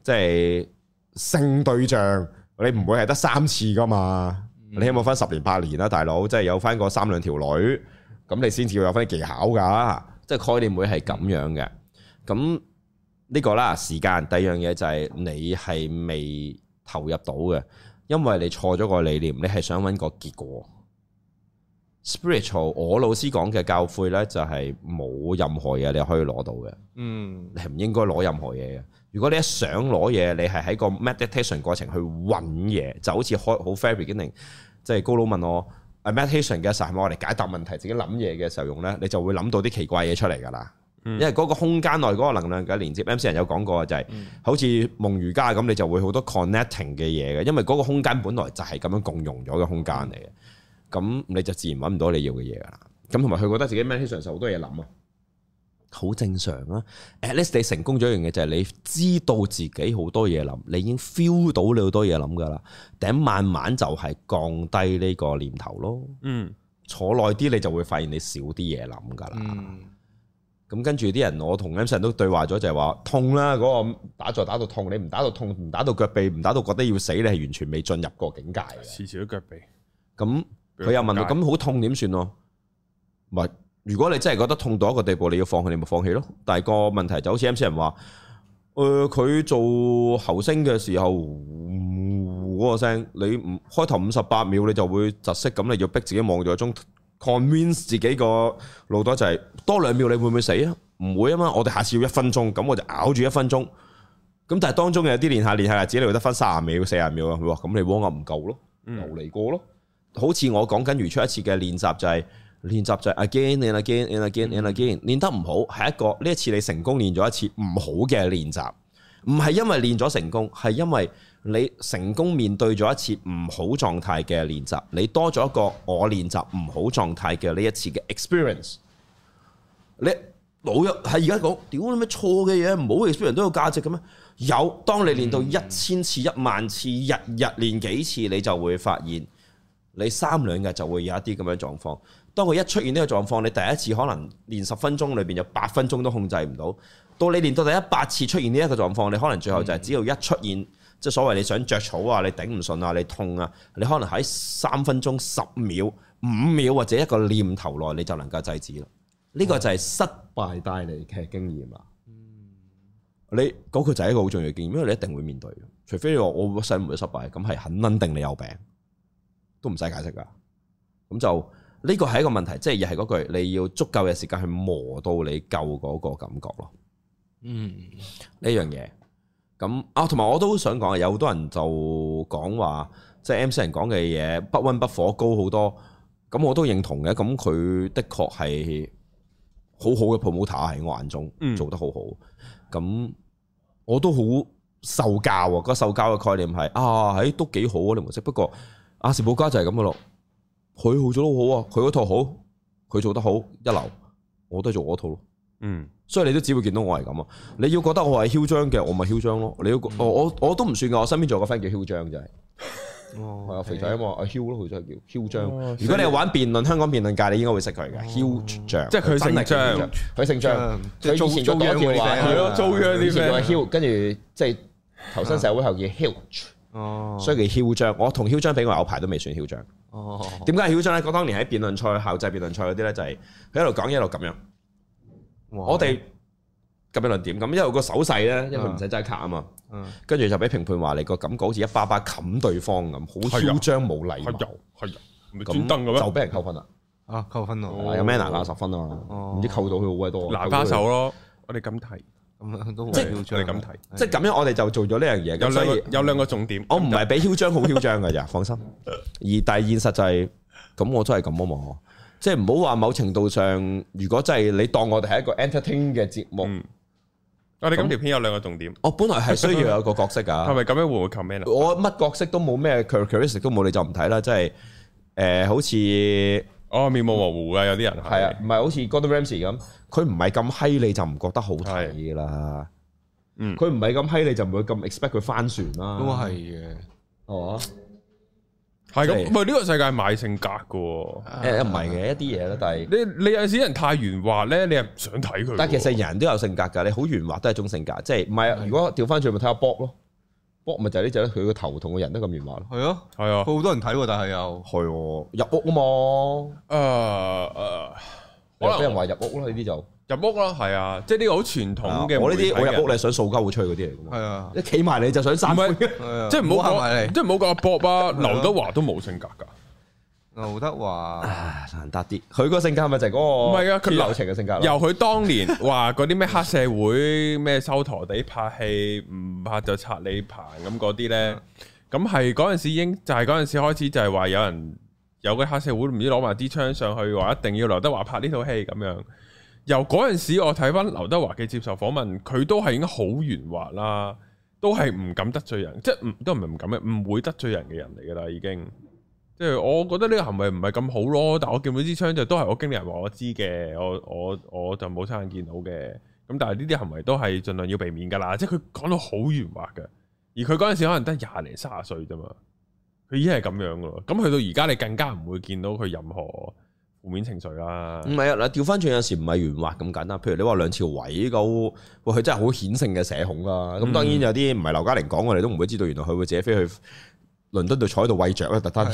即係性對象，你唔會係得三次㗎嘛？嗯、你有冇翻十年八年啦、啊，大佬？即係有翻個三兩條女，咁你先至會有翻啲技巧㗎、啊。即係概念會係咁樣嘅，咁呢個啦時間。第二樣嘢就係你係未投入到嘅，因為你錯咗個理念，你係想揾個結果。Spiritual，我老師講嘅教誨呢就係冇任何嘢你可以攞到嘅，嗯，你係唔應該攞任何嘢嘅。如果你一想攞嘢，你係喺個 meditation 過程去揾嘢，就好似開好 fairy 即係高佬問我。meditation 嘅時候，係咪我哋解答問題、自己諗嘢嘅時候用咧？你就會諗到啲奇怪嘢出嚟㗎啦。嗯、因為嗰個空間內嗰個能量嘅連接，MC 仁有講過就係、是，嗯、好似夢瑜伽咁，你就會好多 connecting 嘅嘢嘅。因為嗰個空間本來就係咁樣共融咗嘅空間嚟嘅，咁你就自然揾唔到你要嘅嘢㗎啦。咁同埋佢覺得自己 meditation 有好多嘢諗啊。好正常啊！At least 你成功咗一樣嘢，就係、是、你知道自己好多嘢諗，你已經 feel 到你好多嘢諗噶啦。第一慢慢就係降低呢個念頭咯。嗯，坐耐啲，你就會發現你少啲嘢諗噶啦。咁、嗯、跟住啲人，我同 MC 仁都對話咗，就係、是、話痛啦、啊。嗰、那個打坐打到痛，你唔打到痛，唔打到腳背，唔打到覺得要死，你係完全未進入過境界。次次都腳背。咁佢樣我又問到，咁好我痛點算？咯咪？如果你真係覺得痛到一個地步，你要放棄，你咪放棄咯。但係個問題就好似 M C 仁話，誒、呃，佢做喉聲嘅時候嗰、呃那個聲，你唔開頭五十八秒，你就會窒息咁，你要逼自己望住個鐘，convince 自己個腦袋就係、是、多兩秒你會唔會死會啊？唔會啊嘛，我哋下次要一分鐘，咁我就咬住一分鐘。咁但係當中有啲練下練下自己，你又得翻卅秒、四十秒啊，咁你、嗯嗯嗯、我我唔夠咯，逃離過咯。好似我講緊如出一次嘅練習就係、是。練習就係 Again and again，Again and again, and again，練得唔好係一個呢一次你成功練咗一次唔好嘅練習，唔係因為練咗成功，係因為你成功面對咗一次唔好狀態嘅練習，你多咗一個我練習唔好狀態嘅呢一次嘅 experience。你老一係而家講，屌你咩錯嘅嘢、唔好嘅 experience 都有價值嘅咩？有，當你練到一千次、一萬次，日日練幾次，你就會發現你三兩日就會有一啲咁樣狀況。當佢一出現呢個狀況，你第一次可能練十分鐘裏邊有八分鐘都控制唔到，到你練到第一百次出現呢一個狀況，你可能最後就係只要一出現，嗯、即係所謂你想着草啊，你頂唔順啊，你痛啊，你可能喺三分鐘、十秒、五秒或者一個念頭內，你就能夠制止啦。呢、這個就係失敗帶嚟嘅經驗啦。嗯、你嗰、那個就係一個好重要嘅經驗，因為你一定會面對嘅。除非話我一世唔會失敗，咁係肯定你有病，都唔使解釋噶。咁就。呢個係一個問題，即係又係嗰句，你要足夠嘅時間去磨到你夠嗰個感覺咯。嗯，呢樣嘢咁啊，同埋我都想講啊，有好多人就講、就是、話，即係 MC 仁講嘅嘢不溫不火高好多。咁我都認同嘅，咁佢的確係好好嘅 promoter 喺我眼中做得好好。咁、嗯、我都好受教，個受教嘅概念係啊，喺、哎、都幾好啊，你唔識不過阿士保加就係咁嘅咯。佢好咗都好啊，佢嗰套好，佢做得好一流，我都係做嗰套咯。嗯，所以你都只會見到我係咁啊！你要覺得我係囂張嘅，我咪囂張咯。你要我我我都唔算噶，我身邊仲有個 friend 叫囂張就係，係啊肥仔啊嘛阿 Hugh 咯，佢就叫囂張。如果你係玩辯論，香港辯論界你應該會識佢嘅囂張，即係佢姓張，佢姓張，佢以前嗰個叫，係咯，招樣啲 friend，佢係 Hugh，跟住即係投身社會後叫 Hugh，哦，所以叫囂張。我同囂張比，我有排都未算囂張。哦，點解囂張咧？佢當年喺辯論賽、校際辯論賽嗰啲咧，就係佢一路講一路咁樣。哇 我哋咁樣論點，咁一路個手勢咧，因為唔使揸卡啊嘛。跟住、嗯、就俾評判話你個感覺好似一巴巴冚對方咁，好囂張冇、啊、禮貌。係啊，係啊，咪專登咁就俾人扣分啦。啊，扣分啊！有 manner 啊，十分啊，唔、啊、知扣到佢好鬼多。拿花手咯，我哋咁睇。咁啊，都即係咁睇，即係咁樣，我哋就做咗呢樣嘢。有兩有兩個重點，我唔係比囂張，好囂張噶咋，放心。而但係，現實就係咁，我都係咁啊嘛。即係唔好話某程度上，如果真係你當我哋係一個 entertain 嘅節目，啊，我哋咁條片有兩個重點，我本來係需要有個角色噶，係咪咁樣會唔會 comment？我乜角色都冇咩 characteristic 都冇，你就唔睇啦。即係誒，好似。哦，面目模糊嘅有啲人係啊，唔係好似 Gordon Ramsay 咁，佢唔係咁嗨，你就唔覺得好睇啦。嗯，佢唔係咁嗨，你就唔會咁 expect 佢翻船啦。都係嘅，係嘛？係咁，唔係呢個世界買性格嘅，誒唔係嘅，一啲嘢咯。但係你你有陣時人太圓滑咧，你又唔想睇佢。但係其實人都有性格噶，你好圓滑都係種性格，即係唔係？如果調翻轉咪睇下博咯。博咪就係呢隻佢個頭痛嘅人都咁圓滑咯。係啊，係啊，好多人睇，但係又係入屋啊嘛。誒誒，可能俾人話入屋啦，呢啲就入屋啦。係啊，即係呢個好傳統嘅。我呢啲我入屋，你係想掃溝去吹嗰啲嚟噶嘛？係啊，一企埋你就想散。唔係，即係唔好吓埋你，即係唔好講阿博啊。劉德華都冇性格噶。劉德華難得啲，佢個性格係咪就係嗰個唔係啊？佢流情嘅性格，由佢當年話嗰啲咩黑社會咩 收陀地拍戲，唔拍就拆你棚咁嗰啲呢，咁係嗰陣時已經就係嗰陣時開始就係話有人有個黑社會唔知攞埋支槍上去話一定要劉德華拍呢套戲咁樣。由嗰陣時我睇翻劉德華嘅接受訪問，佢都係已經好圓滑啦，都係唔敢得罪人，即係都唔係唔敢嘅，唔會得罪人嘅人嚟㗎啦已經。即係我覺得呢個行為唔係咁好咯，但係我見到支槍就都係我經理人話我知嘅，我我我就冇親眼見到嘅。咁但係呢啲行為都係盡量要避免㗎啦。即係佢講到好圓滑嘅，而佢嗰陣時可能得廿零卅歲啫嘛，佢已經係咁樣咯。咁去到而家你更加唔會見到佢任何負面情緒啦。唔係啊，嗱調翻轉有時唔係圓滑咁簡單。譬如你話梁朝偉，佢真係好顯性嘅社恐啦。咁當然有啲唔係劉嘉玲講，我哋都唔會知道原來佢會自己飛去倫敦度坐喺度餵雀啦，特登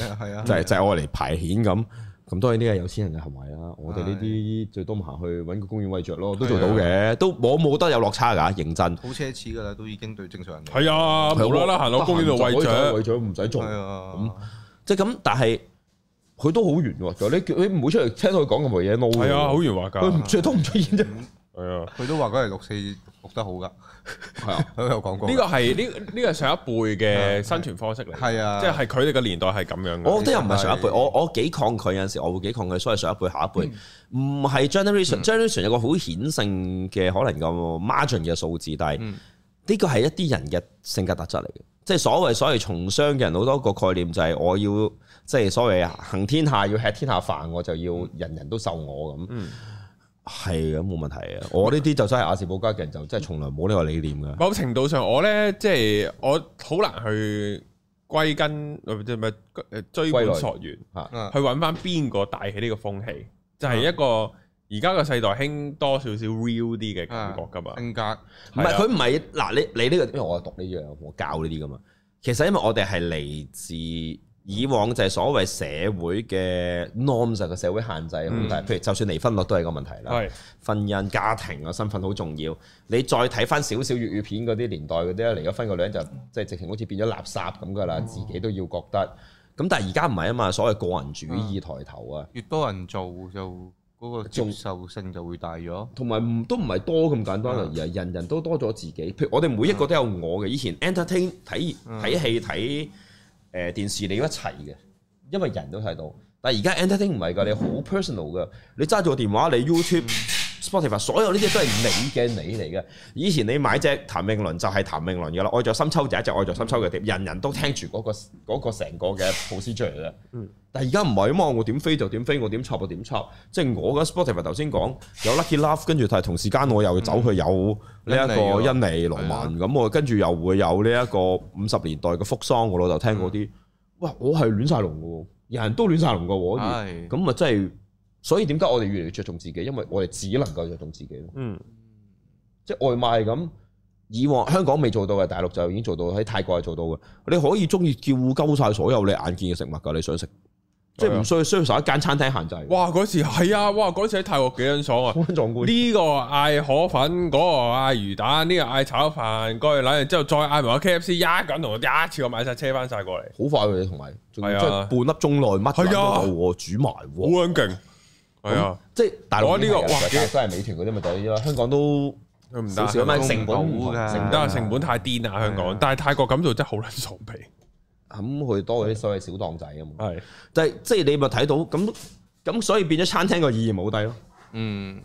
就就愛嚟排遣咁，咁當然呢啲有錢人嘅行為啦。我哋呢啲最多唔行去揾個公園餵雀咯，都做到嘅，的都冇冇得有落差㗎，認真。好奢侈㗎啦，都已經對正常人係啊，無啦啦行到公園度餵雀，餵雀唔使做。係啊的，咁即係咁，但係佢都好圓喎。你你唔會出嚟聽佢講咁嘅嘢冇係啊，好圓滑㗎。佢最都唔出現啫。嗯係啊，佢都話嗰日六四錄得好噶，係、這個這個、啊，佢有講過。呢個係呢呢個上一輩嘅生存方式嚟，係啊，即係佢哋嘅年代係咁樣。我覺得又唔係上一輩，我我幾抗拒有陣時，我會幾抗拒，所謂上一輩下一輩唔係 generation、嗯。generation 有個好顯性嘅可能個 margin 嘅數字，但係呢個係一啲人嘅性格特質嚟嘅，即、就、係、是、所謂所謂從商嘅人，好多個概念就係我要即係、就是、所謂行天下要吃天下飯，我就要人人都受我咁。嗯嗯係啊，冇問題啊。嗯、我呢啲就真係亞視保家嘅人，就真係從來冇呢個理念嘅。某程度上我呢，就係、我咧即係我好難去歸根，即追本溯源，啊、去揾翻邊個帶起呢個風氣。就係、是、一個而家個世代興多少少 real 啲嘅感覺噶嘛。風格唔係佢唔係嗱，你你呢、呢個因為我讀呢樣，我教呢啲噶嘛。其實因為我哋係嚟自。以往就係所謂社會嘅 norms 個社會限制好大，嗯、譬如就算離婚率都係個問題啦。是婚姻家庭個身份好重要，你再睇翻少少粵語片嗰啲年代嗰啲咧，離咗婚個女人就即係直情好似變咗垃圾咁㗎啦，嗯、自己都要覺得。咁但係而家唔係啊嘛，所謂個人主義抬頭啊、嗯，越多人做就嗰個接受性就會大咗。同埋唔都唔係多咁簡單，嗯、而係人人都多咗自己。譬如我哋每一個都有我嘅，嗯、以前 entertain 睇睇戲睇。誒、呃、電視你要一齊嘅，因為人都睇到。但係而家 entertain 唔係㗎，你好 personal 㗎。你揸住個電話，你 YouTube。Spotify 所有呢啲都係你嘅，你嚟嘅。以前你買隻譚詠麟就係譚詠麟嘅啦，愛在深秋就係一隻愛在深秋嘅碟，人人都聽住嗰、嗰個成、嗰個嘅 position 嚟嘅。嗯，但係而家唔係啊嘛，我點飛就點飛，我點抄就點、啊、抄。即係我覺得 Spotify 頭先講有 lucky love，跟住係同時間我又走去有呢一個印尼浪漫，咁我跟住又會有呢一個五十年代嘅福桑我老豆聽嗰啲。哇，我係亂晒龍嘅喎，人，人都亂晒龍嘅喎。係，咁啊真係。所以點解我哋越嚟越着重自己？因為我哋只能夠着重自己咯。嗯，即係外賣咁，以往香港未做到嘅，大陸就已經做到，喺泰國係做到嘅。你可以中意叫鳩晒所有你眼見嘅食物㗎，你想食，即係唔需要收曬一間餐廳限制。哇！嗰時係啊！哇！嗰時喺泰國幾欣爽啊！好壯觀。呢個嗌河粉，嗰個嗌魚蛋，呢個嗌炒飯，嗰個然之後再嗌埋個 K F C，一揀同一次過買晒車翻晒過嚟。好快嘅，同埋係啊，半粒鐘內乜嘢都到，呀煮埋。好鬼勁！係啊，即係大我呢個哇，都係美團嗰啲咪多啲咯。香港都少少啊，成本唔同噶，唔得，成本太癲啊，香港。但係泰國咁做真係好撚傻 B，咁佢多嗰啲所謂小檔仔啊嘛。係，就係即係你咪睇到咁咁，所以變咗餐廳個意義冇低咯。嗯，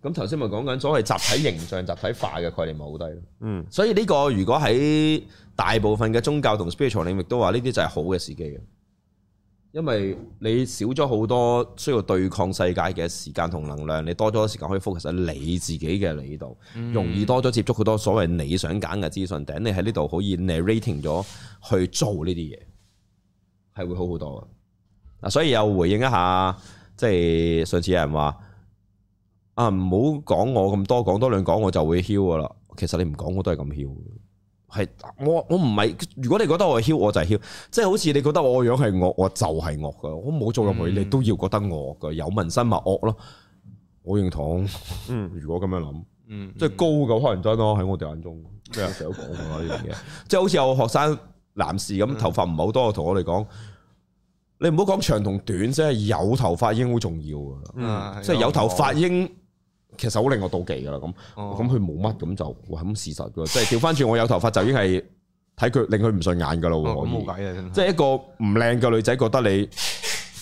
咁頭先咪講緊所謂集體形象、集體化嘅概念咪好低咯。嗯，所以呢個如果喺大部分嘅宗教同 spiritual，領域都話呢啲就係好嘅時機。因為你少咗好多需要對抗世界嘅時間同能量，你多咗時間可以 focus 喺你自己嘅你度，容易多咗接觸好多所謂你想揀嘅資訊，第一、mm hmm. 你喺呢度可以 narrating 咗去做呢啲嘢，係會好好多嘅。嗱，所以又回應一下，即係上次有人話啊，唔好講我咁多，講多兩講我就會 heal 嘅啦。其實你唔講我都係咁 heal 嘅。係我我唔係，如果你覺得我囂，我就係囂，即係好似你覺得我個樣係惡，我就係惡噶。我冇做任何、嗯、你都要覺得我噶有紋身咪惡咯。我認同，如果咁樣諗，嗯、即係高咁，可能真咯，喺我哋眼中，時 即咩人都講噶呢樣嘢，即係好似有個學生男士咁，頭髮唔係好多，同、嗯、我哋講，你唔好講長同短，即係有頭髮應該好重要噶，嗯嗯、即係有頭髮應。其實好令我妒忌噶啦，咁咁佢冇乜咁就咁事實嘅，即係調翻轉我有頭髮就已經係睇佢令佢唔順眼噶啦，冇計嘅，即係以一個唔靚嘅女仔覺得你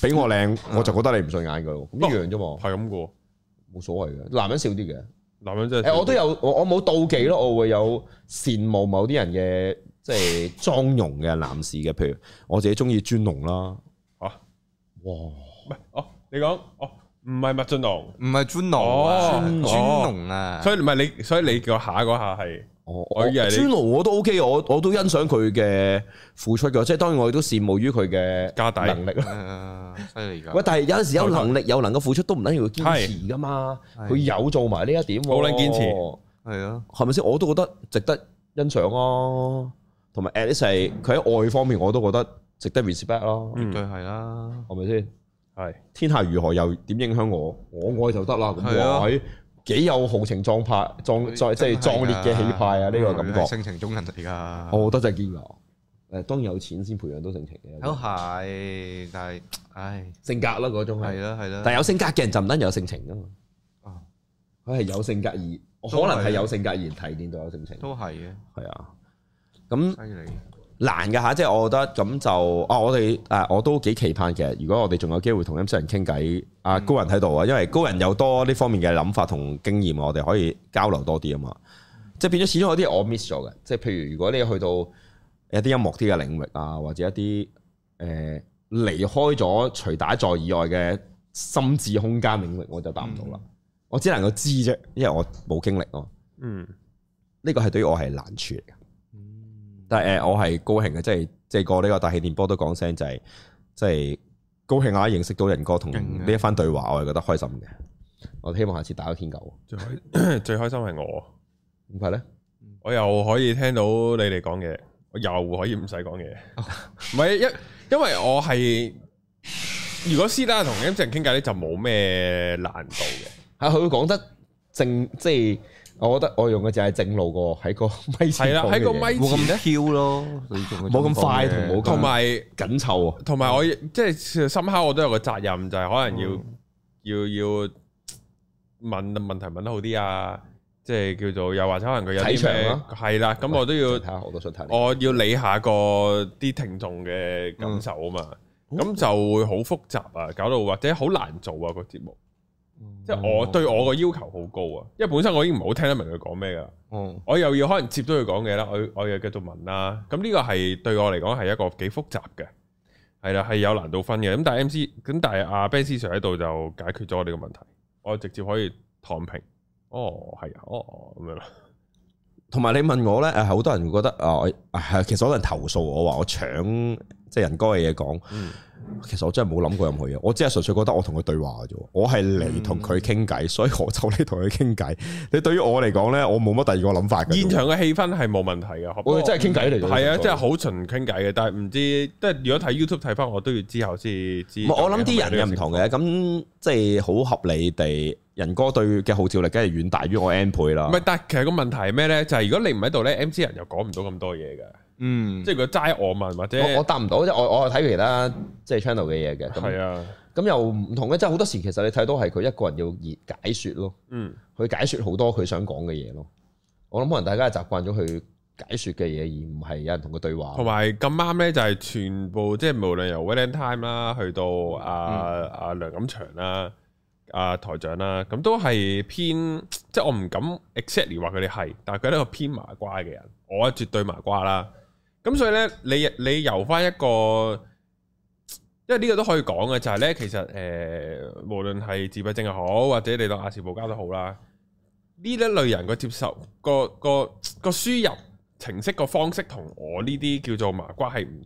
比我靚，嗯、我就覺得你唔順眼噶咯，一、嗯、樣啫嘛，係咁噶，冇所謂嘅，男人少啲嘅，男人真係、欸，我都有我冇妒忌咯，我會有羨慕某啲人嘅即係妝容嘅男士嘅，譬如我自己中意尊龍啦，吓，哇，唔係你講我。唔係麥浚龍，唔係尊龍，尊龍啊！所以唔係你，所以你個下個下係我，我尊龍，我都 O K，我我都欣賞佢嘅付出噶，即係當然我哋都羨慕於佢嘅家底能力咯，犀利噶！喂，但係有陣時有能力有能夠付出，都唔等於佢堅持噶嘛，佢、哎、呀有做埋呢一點，好撚堅持，係啊，係咪先？我都覺得值得欣賞哦、啊，同埋 Alex，佢喺愛方面，我都覺得值得 respect 咯、啊，絕、嗯、對係啦，係咪先？係天下如何又點影響我？我愛就得啦。咁喎，係幾有豪情壯派、壯、壯即係壯烈嘅氣派啊！呢、這個感覺。性情中人嚟噶，我覺、哦、得就係堅哥。誒，當然有錢先培養到性情嘅。都係、哦，但係，唉、哎，性格咯嗰種係。係咯，係咯。但係有性格嘅人，就唔得有性情噶嘛。啊，佢係有，是有性格而，可能係有性格而體現到有性情。都係嘅。係啊。咁的。害難㗎吓，即、就、係、是、我覺得咁就啊，我哋誒、啊，我都幾期盼嘅。如果我哋仲有機會同 MC 仁傾偈，阿、啊、高人喺度啊，因為高人有多呢方面嘅諗法同經驗，我哋可以交流多啲啊嘛。即係變咗，始終有啲我 miss 咗嘅。即係譬如，如果你去到一啲音樂啲嘅領域啊，或者一啲誒離開咗除打坐以外嘅心智空間領域，我就答唔到啦。嗯、我只能夠知啫，因為我冇經歷咯。啊、嗯，呢個係對於我係難處嚟嘅。但係誒，我係高興嘅，即係借過呢個大氣電波都講聲、就是，就係即係高興啊！認識到仁哥同呢一番對話，我係覺得開心嘅。我希望下次打到天狗最開最開心係我，點解咧？我又可以聽到你哋講嘢，我又可以唔使講嘢，唔係因因為我係，如果私底下同啲人傾偈咧，就冇咩難度嘅，啊佢會講得正即係。我覺得我用嘅就係正路個喺個咪，係啦喺個咪前度跳咯，冇咁快同冇同埋緊湊。同埋我即係深刻，我都有個責任，就係可能要要要問問題問得好啲啊，即係叫做又或者可能佢有啲長咯，係啦。咁我都要睇下，我都想睇。我要理下個啲聽眾嘅感受啊嘛，咁就會好複雜啊，搞到或者好難做啊個節目。即係我、嗯、對我個要求好高啊，因為本身我已經唔好聽得明佢講咩噶，嗯、我又要可能接咗佢講嘢啦，我我又要繼續問啦，咁、嗯、呢、呢個係對我嚟講係一個幾複雜嘅，係啦，係有難度分嘅。咁但係 M、啊、C，咁但係阿 Benz Sir 喺度就解決咗我哋個問題，我直接可以躺平。哦，係啊，哦，咁樣啦。同埋你問我咧，誒，好多人會覺得啊，係其實好多人投訴我話我搶即係仁哥嘅嘢講。其實我真係冇諗過任何嘢，我只係純粹覺得我同佢對話啫，我係嚟同佢傾偈，所以我就嚟同佢傾偈。你對於我嚟講咧，我冇乜第二個諗法嘅。現場嘅氣氛係冇問題嘅，會真係傾偈嚟，係啊，真係好純傾偈嘅。但係唔知即係如果睇 YouTube 睇翻，我都要之後先知有有。我諗啲人又唔同嘅，咁即係好合理地。仁哥對佢嘅號召力，梗係遠大於我 N 倍啦。唔係，但係其實個問題係咩咧？就係如果你唔喺度咧，MC 仁又講唔到咁多嘢嘅。嗯，即係佢果齋我問或者我答唔到，即我我睇其他即係 channel 嘅嘢嘅。係啊，咁又唔同嘅，即係好多時其實你睇到係佢一個人要解解説咯。嗯，去解説好多佢想講嘅嘢咯。我諗可能大家係習慣咗去解説嘅嘢，而唔係有人同佢對話。同埋咁啱咧，就係全部即係無論由 Valentine 啦，去到阿阿梁錦祥啦。啊台長啦，啊、咁，嗯、都係偏，即係我唔敢 exactly 你話佢哋係，但係佢係一個偏麻瓜嘅人，我，啊、絕對麻瓜啦。咁，嗯、所以咧，你你由翻一個，因為呢個都可以講嘅就係、是、咧，其實誒、呃，無論係自閉症又好，或者你到阿斯伯加都好啦，呢一類人嘅接受個個個輸入程式個方式，同我呢啲叫做麻瓜係唔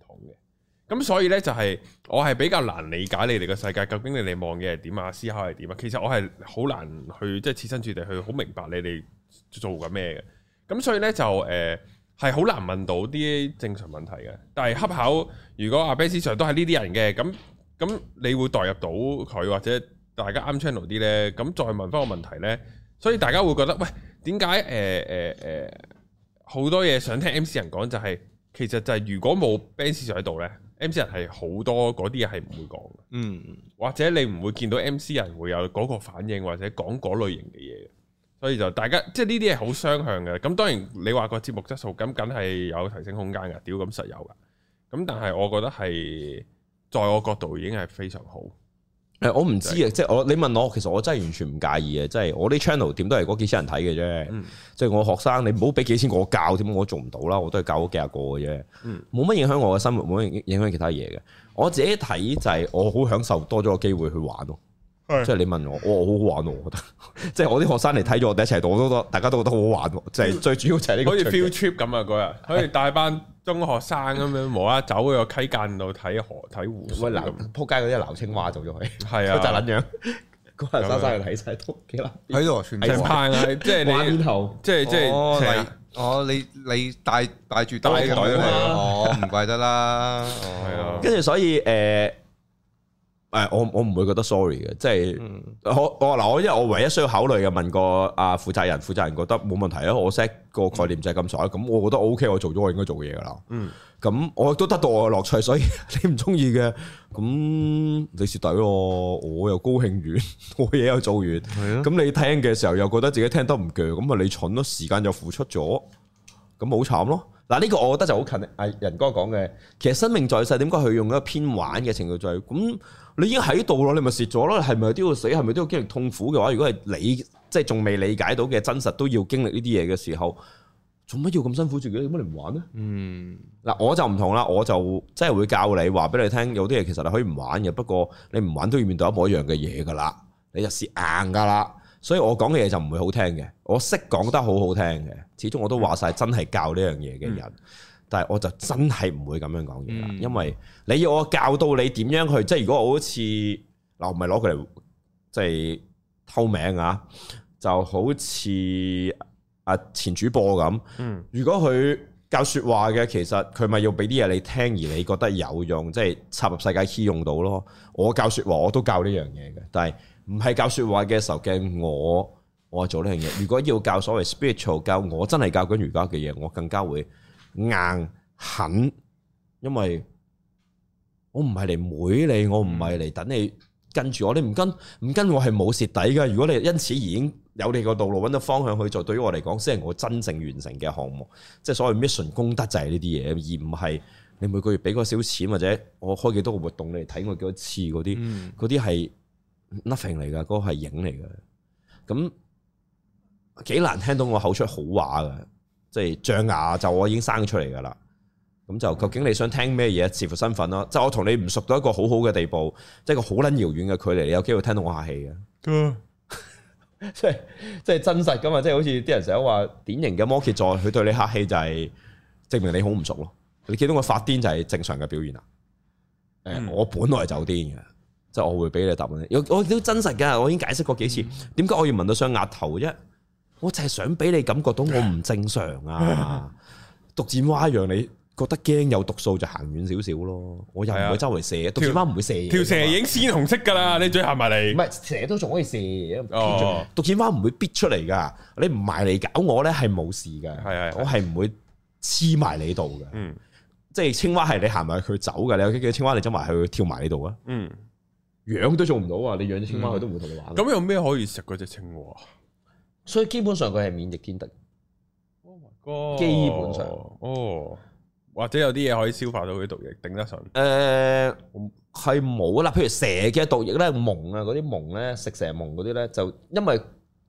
咁所以咧就係、是、我係比較難理解你哋個世界究竟你哋望嘅係點啊，思考係點啊。其實我係好難去即係切身處地去好明白你哋做緊咩嘅。咁所以咧就誒係好難問到啲正常問題嘅。但係恰巧如果阿、啊、Ben Sir 都係呢啲人嘅，咁咁你會代入到佢或者大家啱 channel 啲咧，咁再問翻個問題咧，所以大家會覺得喂，點解誒誒誒好多嘢想聽 M C 人講就係、是、其實就係如果冇 Ben Sir 喺度咧。MC 仁係好多嗰啲嘢係唔會講嘅，嗯，或者你唔會見到 MC 仁會有嗰個反應或者講嗰類型嘅嘢，所以就大家即係呢啲係好雙向嘅。咁當然你話個節目質素咁，梗係有提升空間噶，屌咁實有噶。咁但係我覺得係在我角度已經係非常好。誒，我唔知啊，即係我你問我，其實我真係完全唔介意嘅，即係我啲 channel 點都係嗰幾千人睇嘅啫。即係、嗯、我學生，你唔好俾幾千個我教，點我做唔到啦，我都係教咗幾廿個嘅啫，冇乜、嗯、影響我嘅生活，冇影響其他嘢嘅。我自己睇就係我好享受多咗個機會去玩咯。即係你問我，我好好玩，我覺得，即係我啲學生嚟睇咗，我哋一齊度，我都得，大家都覺得好好玩，即係最主要就係呢個。好似 field trip 咁啊，嗰日，好似帶班中學生咁樣，無啦走喺個溪澗度睇河睇湖，撲街嗰啲係青清做咗佢係啊，就咁樣，嗰日生生去睇晒，都幾難，喺度全部攀啊，即係你，即係即係哦，哦，你你帶帶住帶袋啦，哦，唔怪得啦，哦，係啊，跟住所以誒。誒，我我唔會覺得 sorry 嘅，即係我我嗱，我、嗯、因為我唯一需要考慮嘅，問個阿負責人，負責人覺得冇問題咯，我 set 個概念就係咁傻，咁我覺得我 OK，我做咗我應該做嘅嘢噶啦。嗯，咁我都得到我嘅樂趣，所以 你唔中意嘅，咁你蝕底，我又高興完， 我嘢又做完，咁、啊、你聽嘅時候又覺得自己聽得唔鋸，咁啊你蠢咯，時間又付出咗，咁好慘咯。嗱呢個我覺得就好近阿仁哥講嘅，其實生命在世，點解佢用一個偏玩嘅程序在咁？你已經喺度咯，你咪蝕咗咯，係咪都要死，係咪都要經歷痛苦嘅話？如果係你即係仲未理解到嘅真實，都要經歷呢啲嘢嘅時候，做乜要咁辛苦住嘅？做乜你唔玩咧？嗯，嗱，我就唔同啦，我就真係會教你，話俾你聽，有啲嘢其實你可以唔玩嘅，不過你唔玩都要面對一模一樣嘅嘢噶啦，你就蝕硬噶啦，所以我講嘅嘢就唔會好聽嘅，我識講得好好聽嘅，始終我都話晒真係教呢樣嘢嘅人。嗯嗯但係我就真係唔會咁樣講嘢啦，因為你要我教到你點樣去，即係如果我好似嗱，唔係攞佢嚟即係偷名啊，就好似阿前主播咁。如果佢教說話嘅，其實佢咪要俾啲嘢你聽，而你覺得有用，即係插入世界 key 用到咯。我教說話，我都教呢樣嘢嘅，但係唔係教說話嘅時候嘅我，我做呢樣嘢。如果要教所謂 spiritual 教，我真係教緊瑜伽嘅嘢，我更加會。硬狠，因為我唔係嚟妹你，我唔係嚟等你跟住我，你唔跟唔跟我係冇蝕底噶。如果你因此而已經有你個道路揾到方向去做，對於我嚟講，先係我真正完成嘅項目，即係所謂 mission 功德，就係呢啲嘢，而唔係你每個月俾嗰少錢或者我開幾多個活動，你睇我幾多次嗰啲，嗰啲係 nothing 嚟噶，嗰、嗰個係影嚟噶，咁幾難聽到我口出好話噶。即係象牙就我已經生出嚟噶啦，咁就究竟你想聽咩嘢？視乎身份咯。即係我同你唔熟到一個好好嘅地步，即係個好撚遙遠嘅距離，你有機會聽到我客氣嘅、嗯。 即係即係真實噶嘛？即係好似啲人成日話典型嘅摩羯座，佢對你客氣就係、是、證明你好唔熟咯。你見到我發癲就係正常嘅表現啦。誒、嗯，我本來就癲嘅，即係我會俾你答案。我都真實噶，我已經解釋過幾次，點解我要聞到雙額頭啫？我就係想俾你感覺到我唔正常啊！啊毒箭蛙讓你覺得驚有毒素，就行遠少少咯。我又唔會周圍射，跳毒箭蛙唔會射嘢。條蛇已經鮮紅色噶啦，嗯、你最行埋嚟，唔係蛇都仲可以射嘢。哦，毒箭蛙唔會逼出嚟噶，你唔埋嚟搞我咧係冇事嘅。係、嗯、我係唔會黐埋你度嘅。嗯、即係青蛙係你行埋去佢走噶，你有叫青蛙你走埋去跳埋呢度啊。嗯，養都做唔到啊！你養隻青蛙佢都唔會同你玩、嗯。咁有咩可以食嗰隻青蛙？所以基本上佢係免疫天敵，哥、oh、my 基本上哦，oh，或者有啲嘢可以消化到佢啲毒液，頂得順。誒、呃，係冇啦，譬如蛇嘅毒液咧，獴啊嗰啲獴咧食蛇獴嗰啲咧，就因為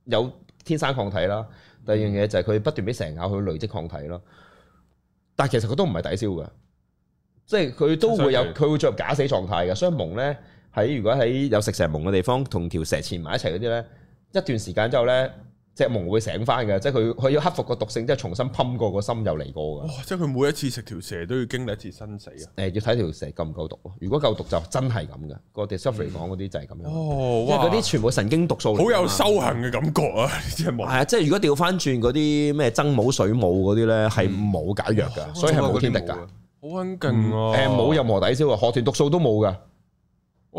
有天生抗體啦。第二樣嘢就係佢不斷俾蛇咬去累積抗體咯。但係其實佢都唔係抵消嘅，即係佢都會有佢會進入假死狀態嘅。所以獴咧喺如果喺有食蛇獴嘅地方同條蛇纏埋一齊嗰啲咧，一段時間之後咧。隻獴會醒翻嘅，即係佢佢要克服個毒性，即係重新噴過、個心又嚟過㗎。哇、哦！即係佢每一次食條蛇都要經歷一次生死啊。誒，要睇條蛇夠唔夠毒喎？如果夠毒就真係咁嘅，個 discovery 講嗰啲就係咁樣。哦，即係嗰啲全部神經毒素好有修行嘅感覺啊！呢啲、嗯、啊，即係如果調翻轉嗰啲咩僧帽水母嗰啲咧，係冇解藥㗎，嗯、所以係冇天敵㗎、嗯。好撚勁啊！誒、嗯，冇任何抵消啊，河豚毒素都冇㗎。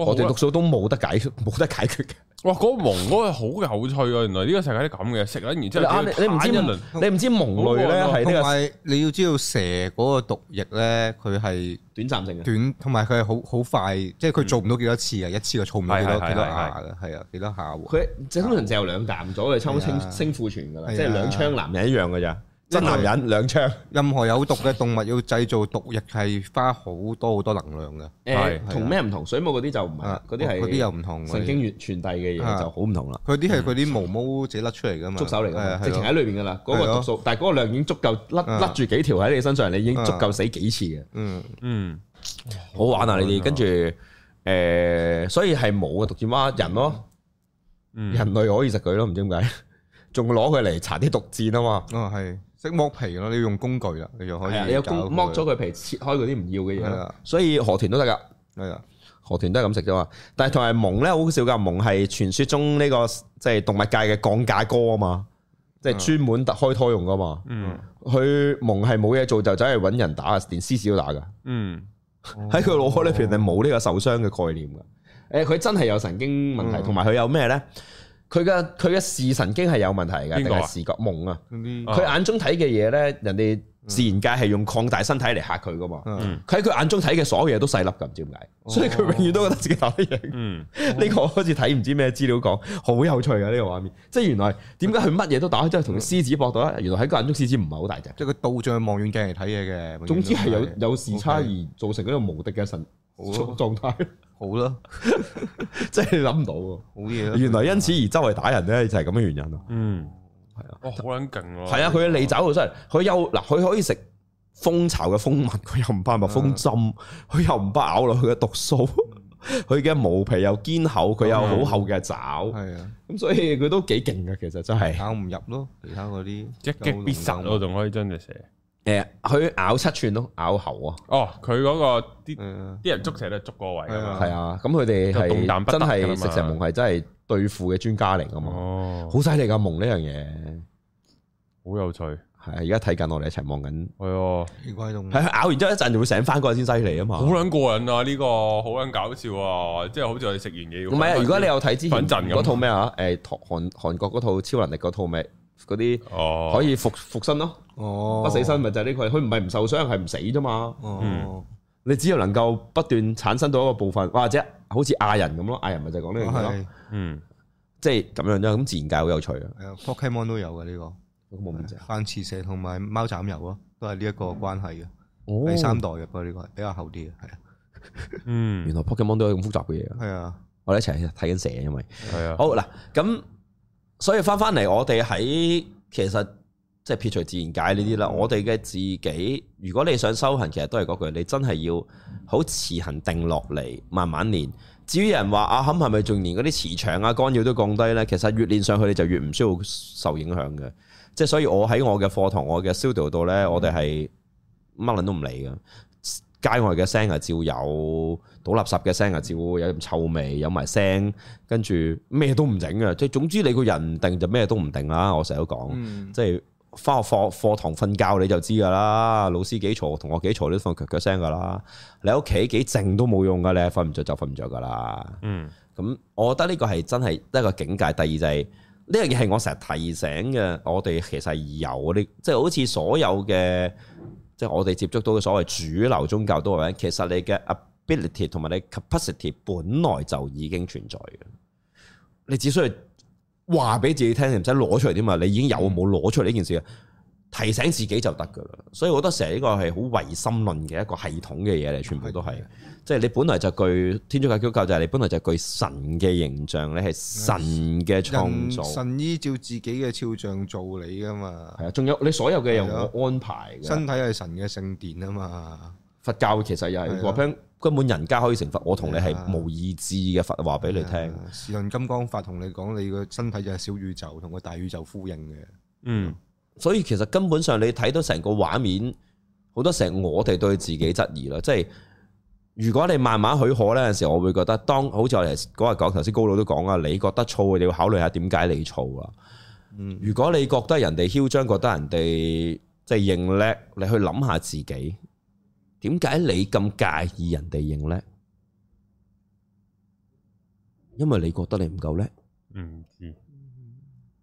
我哋毒素都冇得解決，冇得解決嘅。哇！嗰蒙嗰個好有趣啊，原來呢個世界都咁嘅。食完然之後，你唔知，你唔知蒙類咧。同埋你要知道蛇嗰個毒液咧，佢係短暫性，短同埋佢係好好快，即係佢做唔到幾多次啊？一次個衝擊幾多幾多下嘅，係啊，幾多下喎？佢即係通常只有兩啖，左右，佢差唔清，升升庫存噶啦，即係兩槍，男人一樣噶咋。真男人兩槍。任何有毒嘅動物要製造毒液係花好多好多能量嘅。係，同咩唔同？水母嗰啲就唔係，嗰啲係，嗰啲又唔同。神經傳遞嘅嘢就好唔同啦。佢啲係佢啲毛毛自己甩出嚟㗎嘛，觸手嚟㗎嘛，直情喺裏邊㗎啦。嗰個毒素，但係嗰個量已經足夠甩甩住幾條喺你身上，你已經足夠死幾次嘅。嗯嗯，好玩啊呢啲。跟住誒，所以係冇嘅毒箭蛙人咯，人類可以食佢咯，唔知點解，仲攞佢嚟搽啲毒箭啊嘛。哦，係。識剝皮咯，你要用工具啦，你就可以的。你有工具剝咗佢皮，切開嗰啲唔要嘅嘢啦。的所以河豚都得噶。係啊的，河豚都係咁食啫嘛。但係同埋蒙咧好少噶，蒙係傳說中呢、這個即係動物界嘅降價哥啊嘛，即係專門開拖用噶嘛。的嗯。佢蒙係冇嘢做就走去揾人打，連獅子都打噶。嗯。喺佢腦海裏邊係冇呢個受傷嘅概念噶。誒，佢真係有神經問題，同埋佢有咩咧？佢嘅佢嘅視神經係有問題嘅，定係個視覺矇啊！佢、啊、眼中睇嘅嘢咧，人哋自然界係用擴大身體嚟嚇佢噶嘛。佢喺佢眼中睇嘅所有嘢都細粒噶，唔知點解。所以佢永遠都覺得自己打得贏。哦、 嗯，呢個我開始睇唔知咩資料講，好有趣啊！呢、呢個畫面，即係原來點解佢乜嘢都打開，即係同獅子搏鬥咧？ 原來喺佢眼中，獅子唔係好大隻，即係佢倒著望遠鏡嚟睇嘢嘅。總之係有有視差而造成嗰種無敵嘅神狀態。好啦， 即係你諗唔到，啊，好嘢咯！原來因此而周圍打人咧，就係咁嘅原因咯。嗯，係對、哦、啊，我好捻勁啊！係啊，佢嘅利爪又真係，佢又嗱，佢可以食蜂巢嘅蜂蜜，佢又唔怕蜜的蜂針，佢又唔怕咬落去嘅毒素，佢嘅的毛皮又堅厚，佢有好厚嘅爪，係啊的，咁所以佢都幾勁嘅，其實真係。咬唔入咯，其他嗰啲一擊必中，我仲可以真係死。誒，佢、欸、咬七寸咯，咬喉啊！哦，佢嗰、那個啲啲、嗯、人捉蛇都捉個位，係、嗯、啊。咁佢哋係真係食蛇獴，係真係對付嘅專家嚟噶嘛。哦，好犀利噶獴呢樣嘢，好有趣。係而家睇緊，我哋一齊望緊。係啊，好鬼凍。係、哦啊、咬完之後一陣，就會醒翻過先犀利啊嘛。好撚過癮啊！呢、這個好撚搞笑啊！即係、啊就是、好似我哋食完嘢。要。唔係，如果你有睇之前嗰套咩啊？誒，韓韓國嗰套超能力嗰套咩？嗰啲可以復復身咯，不死身咪就係呢個。佢唔係唔受傷，係唔死啫嘛。嗯，你只要能夠不斷產生到一個部分，或者好似亞人咁咯，亞人咪就係講呢樣嘢咯。嗯，即係咁樣啫。咁自然界好有趣啊。係啊，Pokemon 都有嘅，呢個冇問題。飯匙蛇同埋貓鼬斬咯，都係呢一個關係嘅。第三代嘅噃，呢個係比較後啲嘅，係啊。嗯，原來 Pokemon 都有咁複雜嘅嘢。係啊，我哋一齊睇緊蛇，因為係啊。好嗱，咁。所以翻翻嚟，我哋喺其實即係撇除自然界呢啲啦。我哋嘅自己，如果你想修行，其實都係嗰句，你真係要好持恒定落嚟，慢慢練。至於有人話阿、啊、坎係咪仲連嗰啲磁場啊、干擾都降低咧？其實越練上去，你就越唔需要受影響嘅。即係所以我喺我嘅課堂、我嘅 studio 度咧，我哋係乜撚都唔理嘅，街外嘅聲係照有。倒垃圾嘅聲啊，只會有陣臭味，有埋聲，跟住咩都唔整嘅，即係總之你個人定就咩都唔定啦。我成日都講，嗯、即係返學課課堂瞓覺你就知噶啦，老師幾嘈，同學幾嘈，你都瞓腳腳聲噶啦。你喺屋企幾靜都冇用噶，你瞓唔着就瞓唔着噶啦。嗯，咁、嗯、我覺得呢個係真係一個境界。第二就係呢樣嘢係我成日提醒嘅，我哋其實有啲即係好似所有嘅，即係我哋接觸到嘅所謂主流宗教都係咁，其實你嘅 ability 同埋你 capacity 本來就已經存在嘅，你只需要話俾自己聽，你唔使攞出嚟添嘛，你已經有冇攞出嚟呢件事，提醒自己就得噶啦。所以我覺得成日呢個係好唯心論嘅一個系統嘅嘢嚟，全部都係，是的 即係你本來就具天主教教教就係你本來就具神嘅形象，你係神嘅創造，神依照自己嘅肖像做你噶嘛，係啊，仲有你所有嘅嘢有安排嘅，身體係神嘅聖殿啊嘛，佛教其實又係根本人家可以成佛，我同你係無意志嘅佛話俾你聽。啊《時輪金剛法》同你講，你個身體就係小宇宙，同個大宇宙呼應嘅。嗯，嗯，所以其實根本上你睇到成個畫面，好多時我哋對自己質疑啦。即係如果你慢慢許可呢，有陣時我會覺得，當好似我哋嗰日講頭先，高佬都講啦，你覺得躁，你要考慮下點解你躁啊？嗯，如果你覺得人哋囂張，覺得人哋即係認叻，你去諗下自己。點解你咁介意人哋認叻？因為你覺得你唔夠叻，嗯，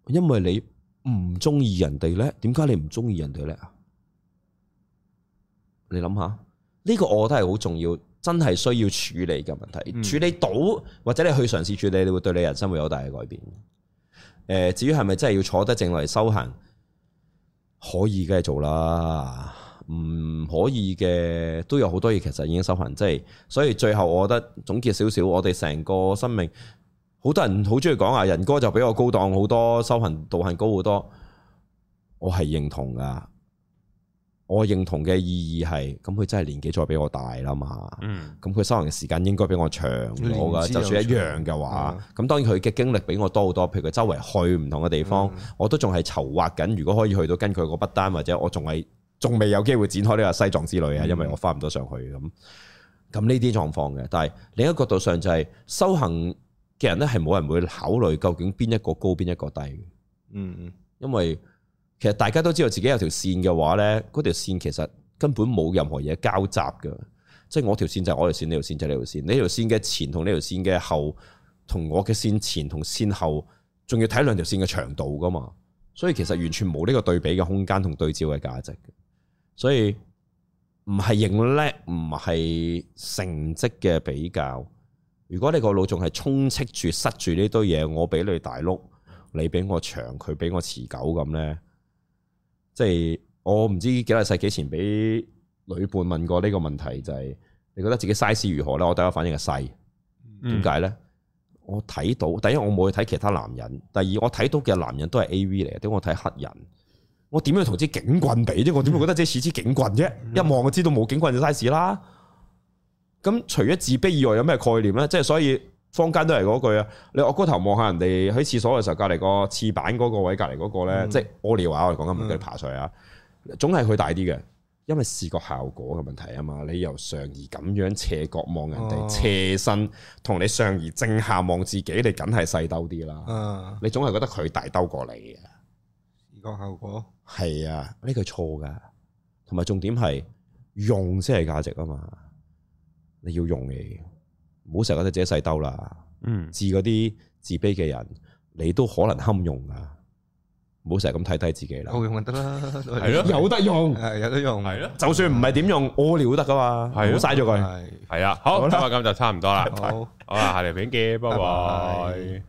因為你唔中意人哋叻。點解你唔中意人哋叻？啊？你諗下呢個我都係好重要，真係需要處理嘅問題，處理到或者你去嘗試處理，你會對你人生會有好大嘅改變。誒，至於係咪真係要坐得正嚟修行，可以梗係做啦。唔可以嘅都有好多嘢，其實已經修行，即係所以最後，我覺得總結少少，我哋成個生命，好多人好中意講啊，仁哥就比我高檔好多，修行道行高好多，我係認同噶，我認同嘅意義係，咁佢真係年紀再比我大啦嘛，嗯，咁佢修行嘅時間應該比我長咗噶，就算一樣嘅話，咁、嗯、當然佢嘅經歷比我多好多，譬如佢周圍去唔同嘅地方，嗯、我都仲係籌劃緊，如果可以去到跟佢嗰筆單，或者我仲係。仲未有機會展開呢個西藏之旅啊，因為我翻唔到上去咁。咁呢啲狀況嘅，但係另一個角度上就係、是、修行嘅人咧，係冇人會考慮究竟邊一個高邊一個低。嗯嗯，因為其實大家都知道自己有條線嘅話咧，嗰條線其實根本冇任何嘢交集㗎，即、就、係、是、我條線就係我條線，呢條線就係呢條線，呢條線嘅前同呢條線嘅後，同我嘅線前同線後，仲要睇兩條線嘅長度噶嘛，所以其實完全冇呢個對比嘅空間同對照嘅價值。所以唔係認叻，唔係成績嘅比較。如果你個腦仲係充斥住塞住呢堆嘢，我比你大碌，你比我長，佢比我持久咁咧，即係我唔知幾多世幾前俾女伴問過呢個問題，就係、是、你覺得自己 size 如何咧？我第一反應係細，點解咧？我睇到第一，我冇去睇其他男人，第二我睇到嘅男人都係 A V 嚟，點解我睇黑人？我點樣同支警棍比啫？我點會覺得只似支警棍啫？嗯、一望就知道冇警棍就 size 啦。咁除咗自卑以外，有咩概念咧？即係所以坊間都係嗰句啊！你臥個頭望下人哋喺廁所嘅時候，隔籬個廁板嗰個位，隔籬嗰個咧，嗯、即係屙尿啊，講緊唔該爬水啊，嗯、總係佢大啲嘅，因為視覺效果嘅問題啊嘛。你由上而咁樣斜角望人哋，哦、斜身同你上而正下望自己，你梗係細兜啲啦。嗯、你總係覺得佢大兜過你嘅視覺效果。嗯係啊，呢、這個錯噶，同埋重點係用先係價值啊嘛，你要用嚟，唔好成日覺得自己細兜啦。嗯，治嗰啲自卑嘅人，你都可能堪用啊，唔好成日咁睇低自己啦。我用得啦，係咯， 有得用係 有得用，係咯，就算唔係點用，屙尿都得噶嘛，好嘥咗佢。係係啊，好，咁啦就差唔多啦，好，我 下條片見，拜拜。